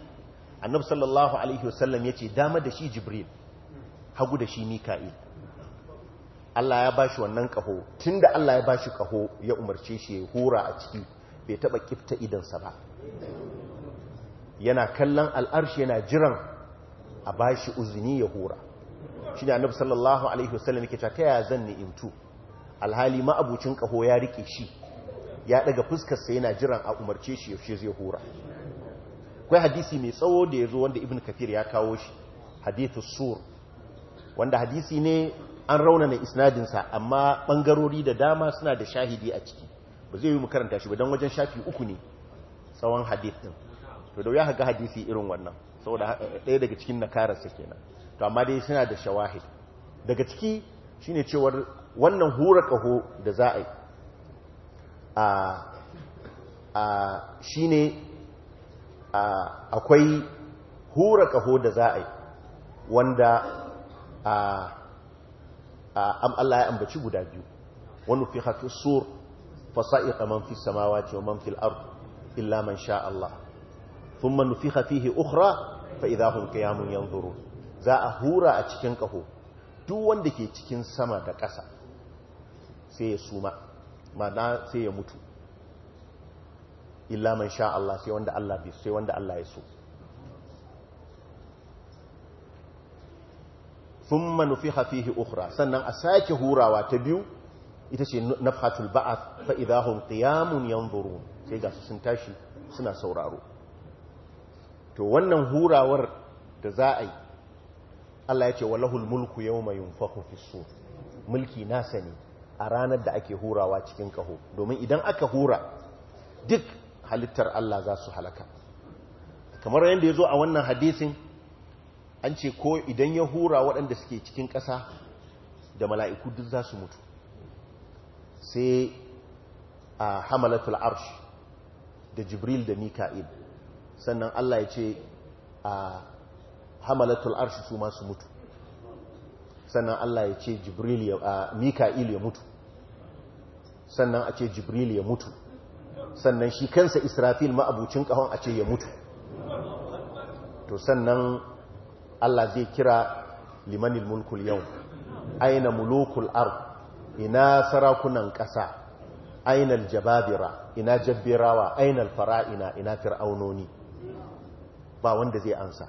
annabi sallallahu alaihi wasallam yace dama da shi jibril hagu da shi mika'il Allah ya bashi wannan kaho tunda Allah ya bashi kaho ya umarce shi ya hura a ciki bai taba kifta sa ba yana kallon al'arshi yana jiran a bashi uzini ya hura shi da annabi sallallahu alaihi wasallam yake ta ya zan imtu alhali ma'abucin kaho ya rike shi ya daga fuskarsa yana jiran a umarce shi yaushe zai hura akwai hadisi mai tsawo da ya zo wanda ibn kafir ya kawo shi hadithus sur wanda hadisi ne an raunana sa amma bangarori da dama suna da shahidi a ciki ba zai yi mu karanta shi ba don wajen shafi uku ne tsawon hadith ɗin to da ya haga hadisi irin wannan saboda eh, ɗaya daga cikin nakararsa kenan to amma dai suna da shawahid daga ciki shine cewar wannan hura kaho da za a yi a shi ne akwai hura kaho da za a yi wanda am Allah ya ambaci guda biyu wani fi hafi sur fasa'iƙa man fi samawa ce wa man fi al'ar illa man sha Allah sun manu fi hafihi ukra fa'idahun ƙiyamun yanzuru za a hura a cikin kaho duk wanda ke cikin sama da ƙasa sai ya suma ma'ana sai ya mutu illa man sha Allah sai wanda Allah bi sai wanda Allah ya so thumma nufiha fihi ukhra sannan a sake hurawa ta biyu ita ce nafhatul ba'ath fa idahum qiyamun yanzurun sai ga su sun tashi suna sauraro to wannan hurawar da za a yi Allah ya ce walahul mulku yawma yunfakhu fis sur mulki nasa ne a ranar da ake hurawa cikin kaho, domin idan aka hura duk halittar Allah za su halaka kamar yadda ya zo a wannan hadisin an ce ko idan ya hura waɗanda suke cikin ƙasa da mala'iku duk za su mutu sai a hamalatul arsh da jibril da mika'il sannan Allah ya ce a hamalatul arsh su masu mutu sannan Allah ya ce jibril ya mika'il ya mutu sannan a ce jibril ya mutu sannan shi kansa israfil ma'abucin kahon a ce ya mutu to sannan allah zai kira limanil mulkul yau aina mulukul ar ina sarakunan ƙasa aina jababira, ina jabbirawa aina alfara'ina ina fir'aunoni ba wanda zai ansa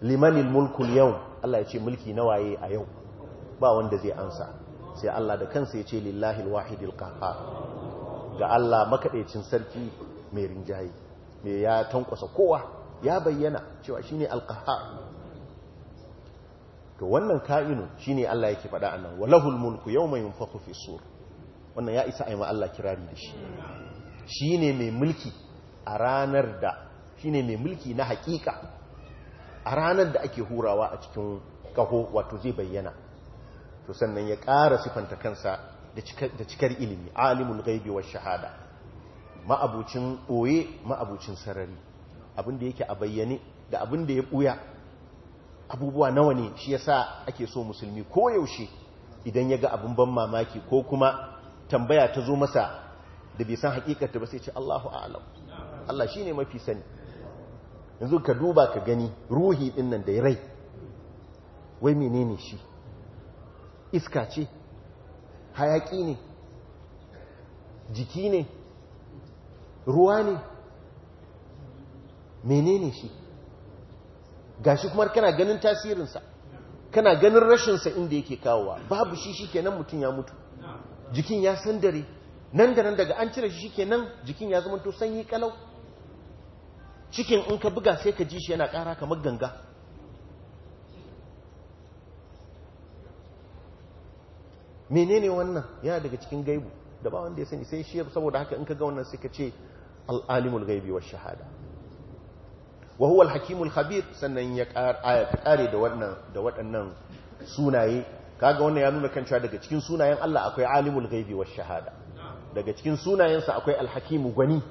limanil mulkul yau allah ya ce mulki na waye a yau ba wanda zai ansa sai Allah da kansa ya ce lillahi alwahid alqahar ga Allah makaɗaicin sarki mai rinjaye me ya tankwasa kowa ya bayyana cewa shine alqahar to wannan ka'inu shine Allah yake faɗa annan walahul mulku yawma yunfakhu fi sur wannan ya isa aima Allah kirari da shi shine mai mulki a ranar da shine mai mulki na hakika a ranar da ake hurawa a cikin kaho wato zai bayyana to sannan ya ƙara sifanta kansa da cikar ilimi alimul gaibi wa shahada ma'abucin ɓoye ma'abucin sarari abin yake a bayyane da abin da ya ɓuya abubuwa nawa ne shi ya yasa ake so musulmi ko yaushe idan ya ga abin ban mamaki ko kuma tambaya ta zo masa da bai san hakikata ba sai ce Allahu a'lam Allah shi ne mafi sani yanzu ka duba ka gani ruhi ɗinnan da ya rai wai menene shi iska ce hayaƙi ne jiki ne ruwa ne menene shi gashi kuma kana ganin tasirinsa kana ganin rashinsa inda yake kawowa babu shi shikenan mutum ya mutu jikin ya sandare nan da nan daga an cire shi shikenan jikin ya zama to sanyi kalau cikin in ka buga sai ka ji shi yana kara kamar ganga menene wannan ya daga cikin gaibu da ba wanda ya sani sai shi saboda haka in ka ga wannan sai ka ce al'alimul gaibi wa shahada wa huwa al-hakimul khabir sannan ya ƙare da wannan da waɗannan sunaye kaga wannan ya nuna kanta daga cikin sunayen Allah akwai alimul gaibi wa shahada daga cikin sunayensa akwai al-hakimu gwani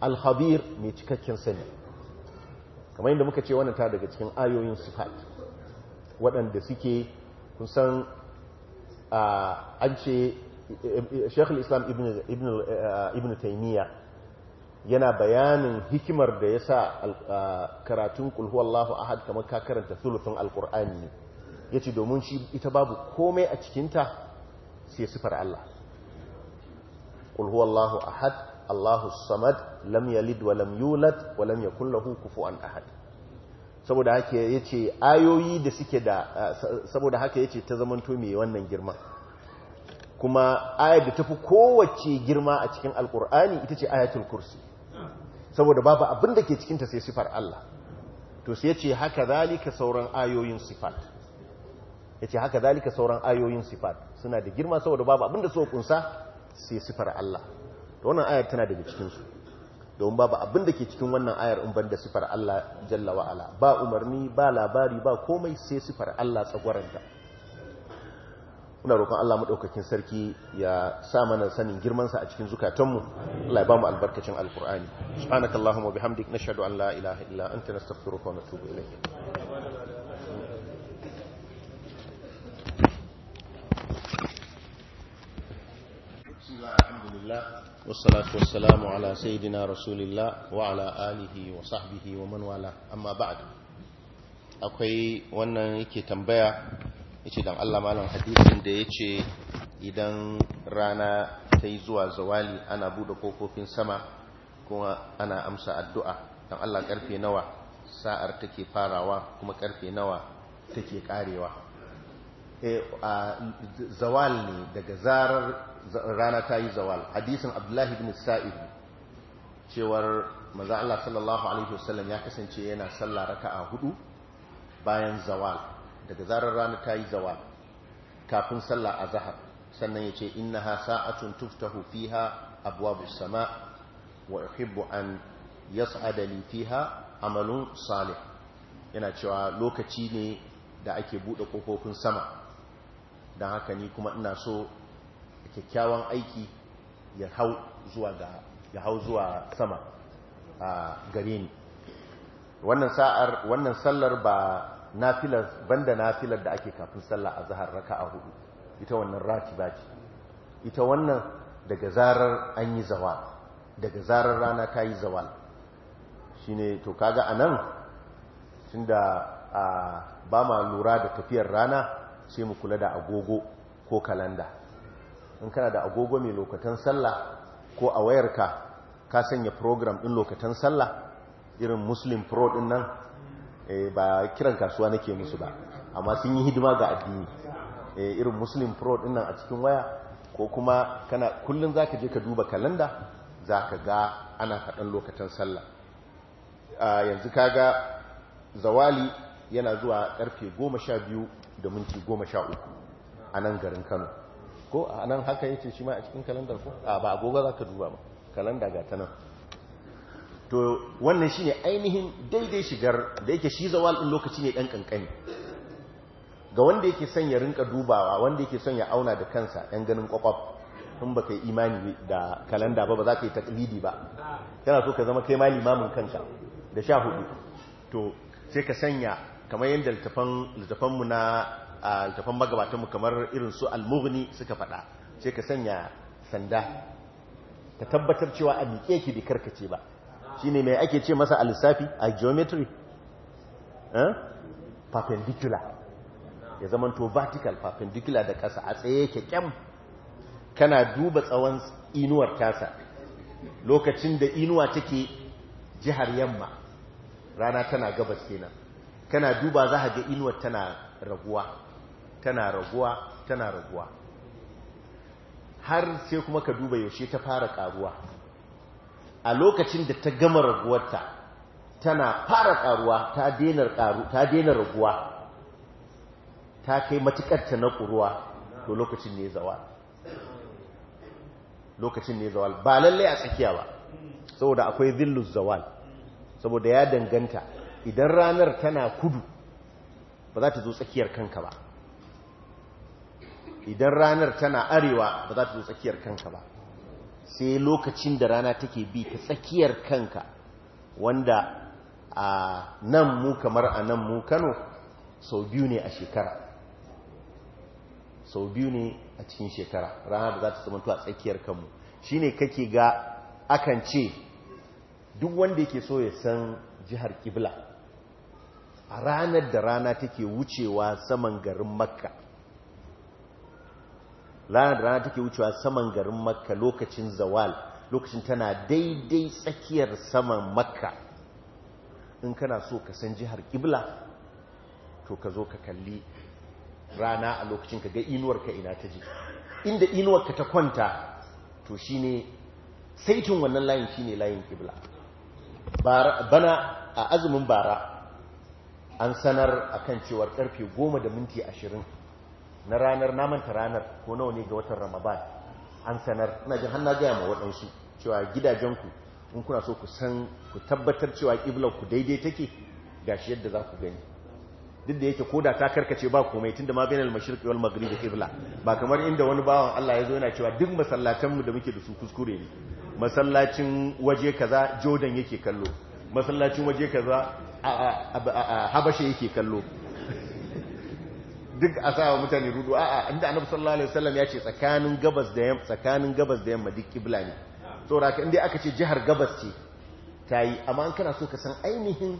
al-khabir mai cikakken sani kamar yadda muka ce wannan ta daga cikin ayoyin sifat waɗanda suke kun san an ce shekul islam ibn taimiyya yana bayanin hikimar da ya sa karatun kulhu Allahu ahad kamar ka karanta thuluthun alkur'ani ne ya ce domin shi ita babu komai a cikinta sai sifar Allah kulhu Allahu ahad Allahu samad lam yalid wa lam yulad wa lam yakun lahu kufuwan ahad saboda haka ce ayoyi da suke da saboda haka ya ce ta zamanto mai wannan girma kuma ayar da tafi kowace girma a cikin alkur'ani ita ce ayatul kursi saboda babu abin da ke cikinta sai sifar Allah to sai ce haka zalika sauran ayoyin sifat ya ce haka zalika sauran ayoyin sifat suna da girma saboda babu abin da suka kunsa sai sifar Allah to wannan ayar tana daga cikin su don babu abin da ke cikin wannan ayar in da sifar Allah jalla wa ala ba umarni ba labari ba komai sai sifar Allah tsagwaranta muna roƙon Allah madaukakin sarki ya sa mana sanin girman sa a cikin zukatanmu Allah ya bamu albarkacin alqur'ani subhanakallahumma bihamdik nashhadu an la ilaha illa anta nastaghfiruka wa natubu ilayk Bismillah, والصلاة والسلام على سيدنا رسول الله وعلى آله وصحبه ومن والاه أما بعد akwai wannan yake tambaya yace dan Allah malam hadisin da ya ce idan rana ta zuwa zawali ana bude kofofin sama kuma ana amsa addu'a dan Allah karfe nawa sa'ar take farawa kuma karfe nawa take karewa eh zawal ne daga zarar rana ta yi zawal hadisin abdullahi bin sa'id cewar maza Allah sallallahu alaihi wasallam ya kasance yana sallah raka'a hudu bayan zawal daga zarar rana ta yi zawal kafin sallah azhar sannan yace innaha sa'atun tuftahu fiha abwabus sama' wa uhibbu an yas'ada li fiha amalun salih yana cewa lokaci ne da ake bude kofofin sama dan haka ni kuma ina so kyakkyawan aiki ya hau zuwa ga ya hau zuwa sama a gare ni wannan sa'ar wannan sallar ba nafilar banda nafilar da ake kafin sallah azhar raka'a hudu ita wannan ratiba ce ita wannan daga zarar an yi zawal daga zarar rana ta yi zawal shine to kaga anan tunda ba ma lura da tafiyar rana sai mu kula da agogo ko kalanda in kana da agogo mai lokacin sallah ko a wayarka ka sanya program din lokacin sallah irin muslim pro din nan eh, ba kiran kasuwa nake musu ba amma sun yi hidima ga addini eh, irin muslim pro din nan a cikin waya ko kuma kana kullun zaka je ka duba kalanda zaka ga ana faɗan lokacin sallah yanzu kaga zawali yana zuwa karfe 12 da minti 13 a nan garin Kano ko a nan haka yake shi ma a cikin kalandar ko a ba agogo za ka duba ba kalanda ga ta nan to wannan shi ne ainihin daidai shigar da yake shi zawa lokaci ne ɗan kankani ga wanda yake son ya rinka dubawa wanda yake son ya auna da kansa yan ganin ƙwaƙwaf in baka yi imani da kalanda ba ba za ka yi taklidi ba yana so ka zama kai ma limamin kanka da sha hudu to sai ka sanya kamar yadda littafanmu na a tafan magabatanmu kamar irin su almughni suka faɗa sai ka sanya sanda ka tabbatar cewa a miƙe ki bi karkace ba shine mai ake ce masa a lissafi a geometry eh? perpendicular ya zama to vertical perpendicular da ƙasa a tsaye kyakkyan kana duba tsawon inuwar tasa lokacin da inuwa take jihar yamma rana tana gabas kenan kana duba za ga inuwar tana raguwa tana raguwa tana raguwa har sai kuma ka duba yaushe ta fara karuwa a lokacin da ta gama raguwarta tana fara karuwa ta daina raguwa ta kai matukarta na kuruwa to lokacin ne zawal lokacin ne zawal ba lallai a tsakiya ba saboda akwai zillus zawal saboda ya danganta idan ranar tana kudu ba za ta zo tsakiyar kanka ba idan ranar tana arewa ba za ta zo tsakiyar kanka ba sai lokacin da rana take bi ta tsakiyar kanka wanda a nan mu kamar a nan mu kano sau biyu ne a shekara sau biyu ne a cikin shekara rana da za ta zama a tsakiyar kanmu shi ne kake ga akan ce duk wanda yake so ya san jihar kibla a ranar da rana take wucewa saman garin makka ranar da rana take wucewa saman garin makka lokacin zawal lokacin tana daidai tsakiyar saman makka in kana so ka san jihar kibla to ka zo ka kalli rana a lokacin ka ga inuwarka ina ta ji inda inuwarka ta kwanta to shi ne saitin wannan layin shi ne layin kibla bana a azumin bara an sanar akan cewar karfe goma da minti ashirin. na ranar namanta ranar ko nawa ne ga watan ramadan an sanar ina jin hannu gaya ma waɗansu cewa gidajenku in kuna so ku san ku tabbatar cewa ƙiblar ku daidai take shi yadda za ku gani duk da yake koda ta karkace ba komai da ma bainal mashirik wal da ibla ba kamar inda wani bawan Allah ya zo yana cewa duk masallatan mu da muke da su kuskure ne masallacin waje kaza Jordan yake kallo masallacin waje kaza a habasha yake kallo duk a sa mutane rudu a'a inda annabi sallallahu alaihi wasallam ya ce tsakanin gabas da yamma tsakanin gabas da yamma duk kibla ne saboda ka inda aka ce jihar gabas ce tayi amma an kana so ka san ainihin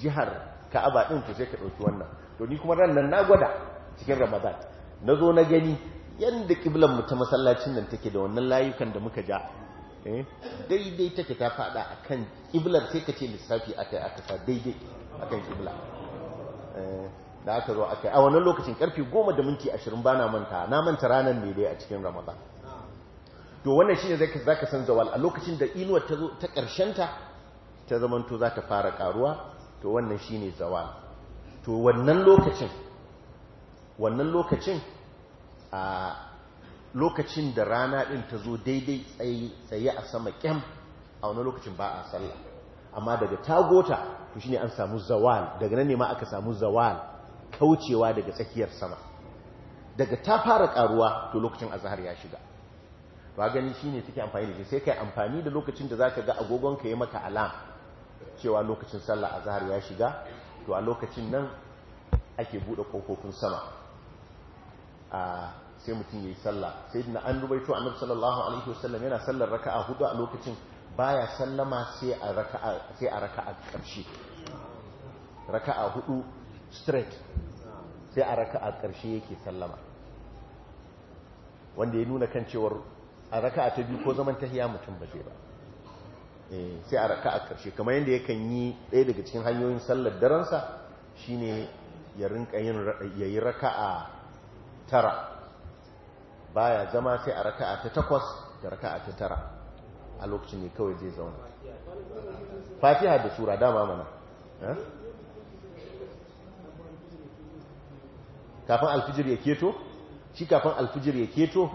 jihar Ka'aba din to sai ka dauki wannan to ni kuma ran na gwada cikin Ramadan nazo na gani yanda kiblan mu ta masallacin nan take da wannan layukan da muka ja eh daidai take ta fada akan kiblar sai ka ce lissafi akai aka sa daidai akan kibla eh da aka zo aka a wannan lokacin karfe goma da minti ashirin bana manta na manta ranar ne dai a cikin ramadan to wannan shi ne za ka san zawal a lokacin da inuwa ta zo ta karshen ta zamanto za ta fara ƙaruwa to wannan shi ne zawal to wannan lokacin wannan lokacin a lokacin da rana ɗin ta zo daidai tsaye a sama ƙyam a wani lokacin ba a sallah amma daga tagota to shi ne an samu zawal daga nan ne ma aka samu zawal kaucewa daga tsakiyar sama daga ta fara karuwa to lokacin azhar ya shiga ba gani shine take amfani da shi sai kai amfani da lokacin da zaka ga agogon ka yi maka alam cewa lokacin sallar azhar ya shiga to a lokacin nan ake bude kofofin sama a sai mutum yayi sallah sayyidina an rubaito annabi sallallahu alaihi wasallam yana sallar raka'a hudu a lokacin baya sallama sai a raka'a sai a raka'a karshe raka'a hudu straight sai a raka a ƙarshe yake sallama wanda ya nuna kan cewar a raka a ta biyu ko zaman ta tahiya mutum ba zai ba eh, sai a raka a ƙarshe kamar yadda yakan yi ɗaya daga cikin hanyoyin sallar daransa shine ya rinka yin ya yi raka a tara baya zama sai a raka a ta takwas da raka a ta tara a lokacin ne kawai zai zauna fatiha da sura dama mana eh? kafin alfijir ya keto shi kafin alfijir ya keto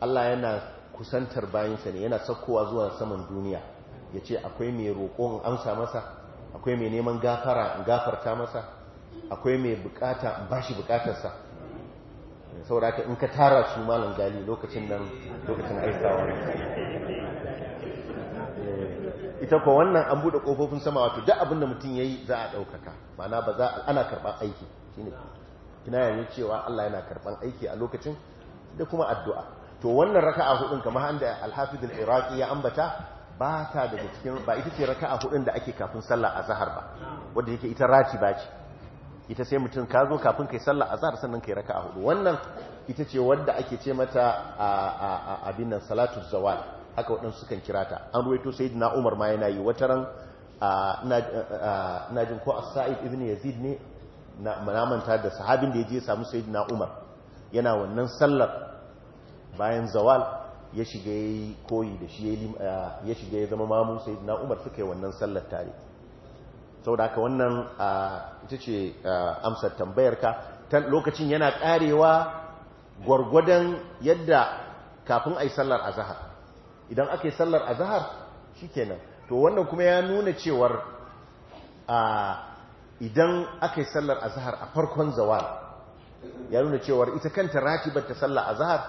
Allah yana kusantar bayansa ne yana sakkowa zuwa saman duniya ya ce akwai mai roƙon amsa masa akwai mai neman gafara gafarta masa akwai mai bukata ba shi bukatarsa saboda in ka tara su malam gali lokacin nan lokacin aikawa eh, ita ko wannan an buɗe kofofin sama wato duk abinda da mutum yayi za a daukaka ma'ana ba za ana karba aiki kinaya yin cewa Allah yana karban aiki a lokacin da kuma addu'a to wannan raka'a hudun kamar handa al-hafiz al-iraqi ya ambata ba ta daga cikin ba ita ce raka'a hudun da ake kafin a azhar ba wanda yake ita rati ba ce ita sai mutum ka zo kafin kai a azhar sannan kai raka'a hudu wannan ita ce wanda ake ce mata a abin nan salatu zawal haka waɗansu sukan kira ta an ruwaito sayyidina Umar ma yana yi wataran ina jin ko as-sa'id ibn yazid ne na da sahabin da ya je samu na Umar yana wannan sallar bayan zawal ya shiga ya yi koyi da shi ya ah, shiga ya zama mamun na Umar suka yi wannan sallar tare Sau da aka wannan ah, ita ce ah, amsar tambayar ka lokacin yana karewa gwargwadon yadda kafin a yi sallar zahar idan aka yi sallar shi kenan to wannan kuma ya nuna cewar a idan aka yi sallar azahar a farkon zawar, ya nuna cewar ita kanta ratibar ta sallar azahar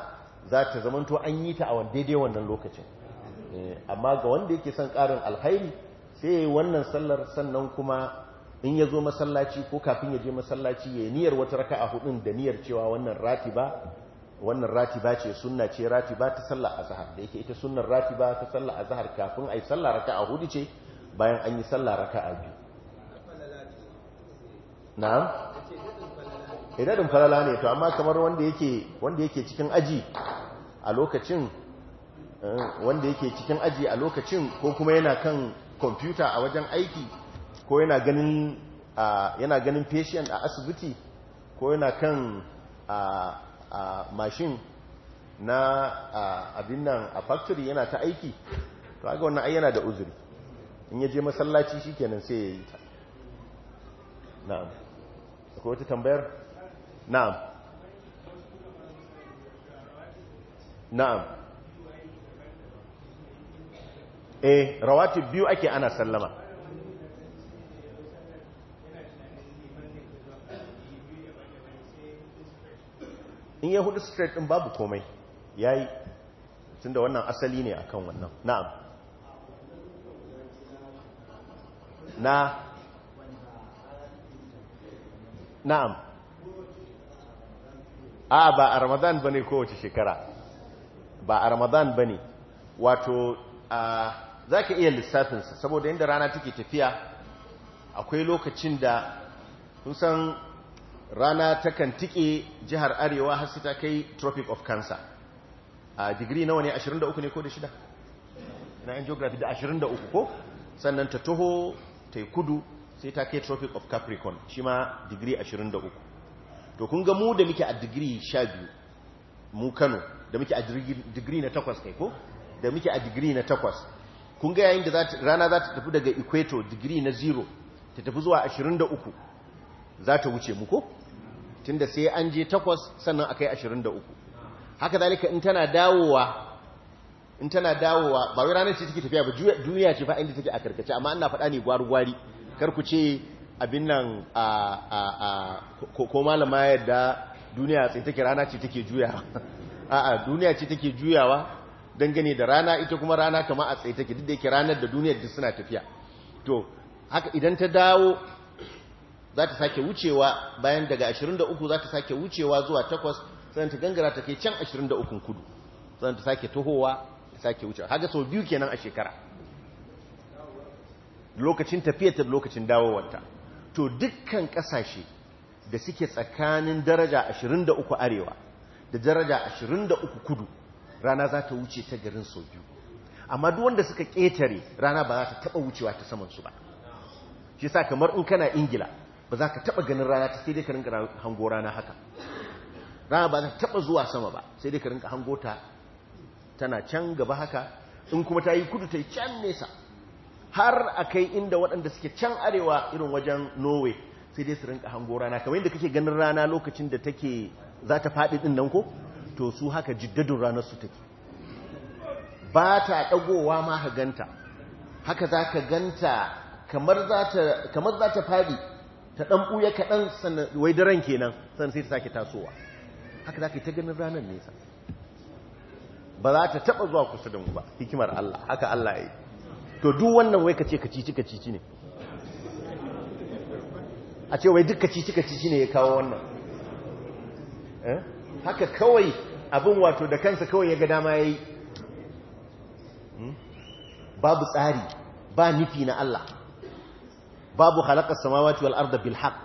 za ta zamanto an yi ta a daidai wannan lokacin eh, amma ga wanda yake son karin alhairi sai wannan sallar sannan kuma in ya zo masallaci ko kafin ya je masallaci ya niyyar wata raka a hudun da niyar cewa wannan ratiba wannan ratiba ce sunna ce ratiba ta sallar azahar. da yake ita sunnar ratiba ta sallar azahar kafin a ai sallar a hudu ce bayan an yi sallar a biyu na'am idadin eh, falala ne to amma kamar wanda yake wanda yake cikin aji a lokacin eh, wanda yake cikin aji a lokacin ko kuma yana kan kwamfuta a wajen aiki ko yana ganin yana ganin patient a asibiti ko yana kan mashin na abin nan a factory yana ta aiki to haka wannan ayyana da uzuri in yaje masallaci shikenan sai ya yi ta na'am akwai wata tambayar na'am na'am eh rawatu biyu ake ana sallama in yi hudu straight din babu komai Ya yi tun da wannan asali ne akan wannan na'am na na'am a ba a ramadan bane kowace shekara ba a ramadan bane wato za ka iya lissafinsa saboda inda rana take tafiya akwai lokacin da san rana ta kan tike jihar arewa har su ta kai tropic of cancer a digiri nawa ne 23 ne ko da shida na yan geography da 23 ko sannan ta taho ta kudu sai ta kai tropic of capricorn shi ma digiri 23 to kun ga mu da muke a digiri 12 mu kano da muke a digiri na 8 kai ko da muke a digiri na 8 kun ga yayin da rana za ta tafi daga equator digiri na 0 ta tafi zuwa 23 za ta wuce mu ko tunda sai an je 8 sannan akai 23 haka zalika in tana dawowa in tana dawowa ba wai ranar ce take tafiya ba duniya ce fa inda take a karkace amma ina faɗa ne gwari-gwari kar ku ce abin nan ko malama yadda duniya sai take rana ce take juyawa *laughs* a'a duniya ce take juyawa dangane da rana ita kuma rana kama a tsaye take duk da yake ranar da duniyar duk suna tafiya to haka idan ta dawo za ta sake wucewa bayan daga 23 za ta sake wucewa zuwa 8 sannan ta gangara ta kai can 23 kudu sannan ta sake tohowa ta sake wucewa haka sau biyu kenan a shekara lokacin tafiyarta da lokacin dawowarta to dukkan kasashe da suke tsakanin daraja 23 arewa da daraja 23 kudu rana za ta wuce ta garin sau biyu amma duk wanda suka ƙetare rana ba za ta taɓa wucewa ta saman su ba shi sa kamar in kana ingila ba za ka taɓa ganin rana ta sai dai ka rinka hango rana haka rana ba za ta taɓa zuwa sama ba sai dai ka rinka hango ta tana can gaba haka in kuma ta yi kudu ta yi can nesa har a kai inda waɗanda suke can arewa irin wajen norway sai dai su rinka hango rana kamar yadda kake ganin rana lokacin da take za ta faɗi ɗin nan ko to su haka jiddadin ranar su take ba ta ɗagowa ma ha ganta haka za ka ganta kamar za ta faɗi ta ɗan ɓuya kaɗan wai daren kenan sannan sai ta sake tasowa haka za ka yi ta ganin ranar nesa ba za ta taɓa zuwa kusa da mu ba hikimar Allah haka Allah ya yi to duk wannan wai kace kacici kacici ne a ce wai duk kacici kacici ne ya kawo wannan eh? haka kawai abin wato da kansa kawai ya ga dama ya yi hmm? babu tsari ba nufi na Allah babu halakar samawati wal arda Bilhaq.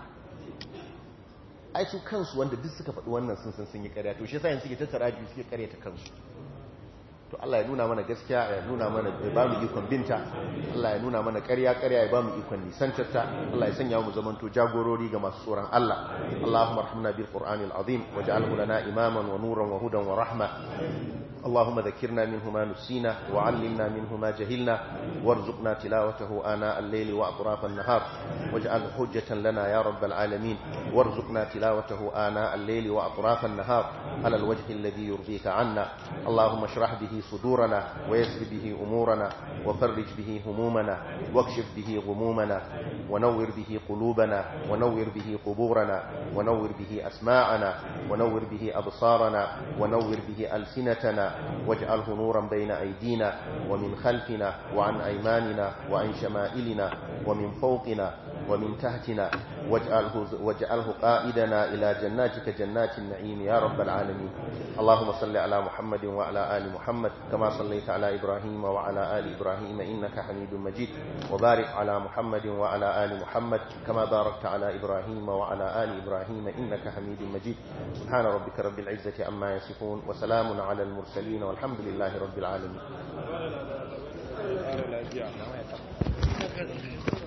aiki kansu wanda duk suka faɗi wannan sun san sun yi ƙarya to shi sayan yanzu suke tattara biyu suke ta kansu to Allah ya nuna mana gaskiya ya nuna mana ya ba mu ikon binta Allah ya nuna mana ƙarya ƙarya ya ba mu ikon nisantarta Allah ya sanya mu zamanto jagorori ga masu tsoron Allah Allahumma arhamna bil qur'anil azim waj'alhu lana imaman wa nuran wa hudan wa rahma اللهم ذكرنا منه ما نسينا وعلمنا منه ما جهلنا وارزقنا تلاوته آناء الليل وأطراف النهار واجعل حجة لنا يا رب العالمين وارزقنا تلاوته آناء الليل وأطراف النهار على الوجه الذي يرضيك عنا اللهم اشرح به صدورنا ويسر به أمورنا وفرج به همومنا واكشف به غمومنا ونور به قلوبنا ونور به قبورنا ونور به أسماعنا ونور به أبصارنا ونور به ألسنتنا واجعله نورا بين أيدينا ومن خلفنا وعن أيماننا وعن شمائلنا ومن فوقنا ومن تحتنا واجعله, واجعله قائدنا إلى جناتك جنات النعيم يا رب العالمين اللهم صل على محمد وعلى آل محمد كما صليت على إبراهيم وعلى آل إبراهيم إنك حميد مجيد وبارك على محمد وعلى آل محمد كما باركت على إبراهيم وعلى آل إبراهيم إنك حميد مجيد سبحان ربك رب العزة عما يصفون وسلام على المرسلين المرسلين والحمد لله رب العالمين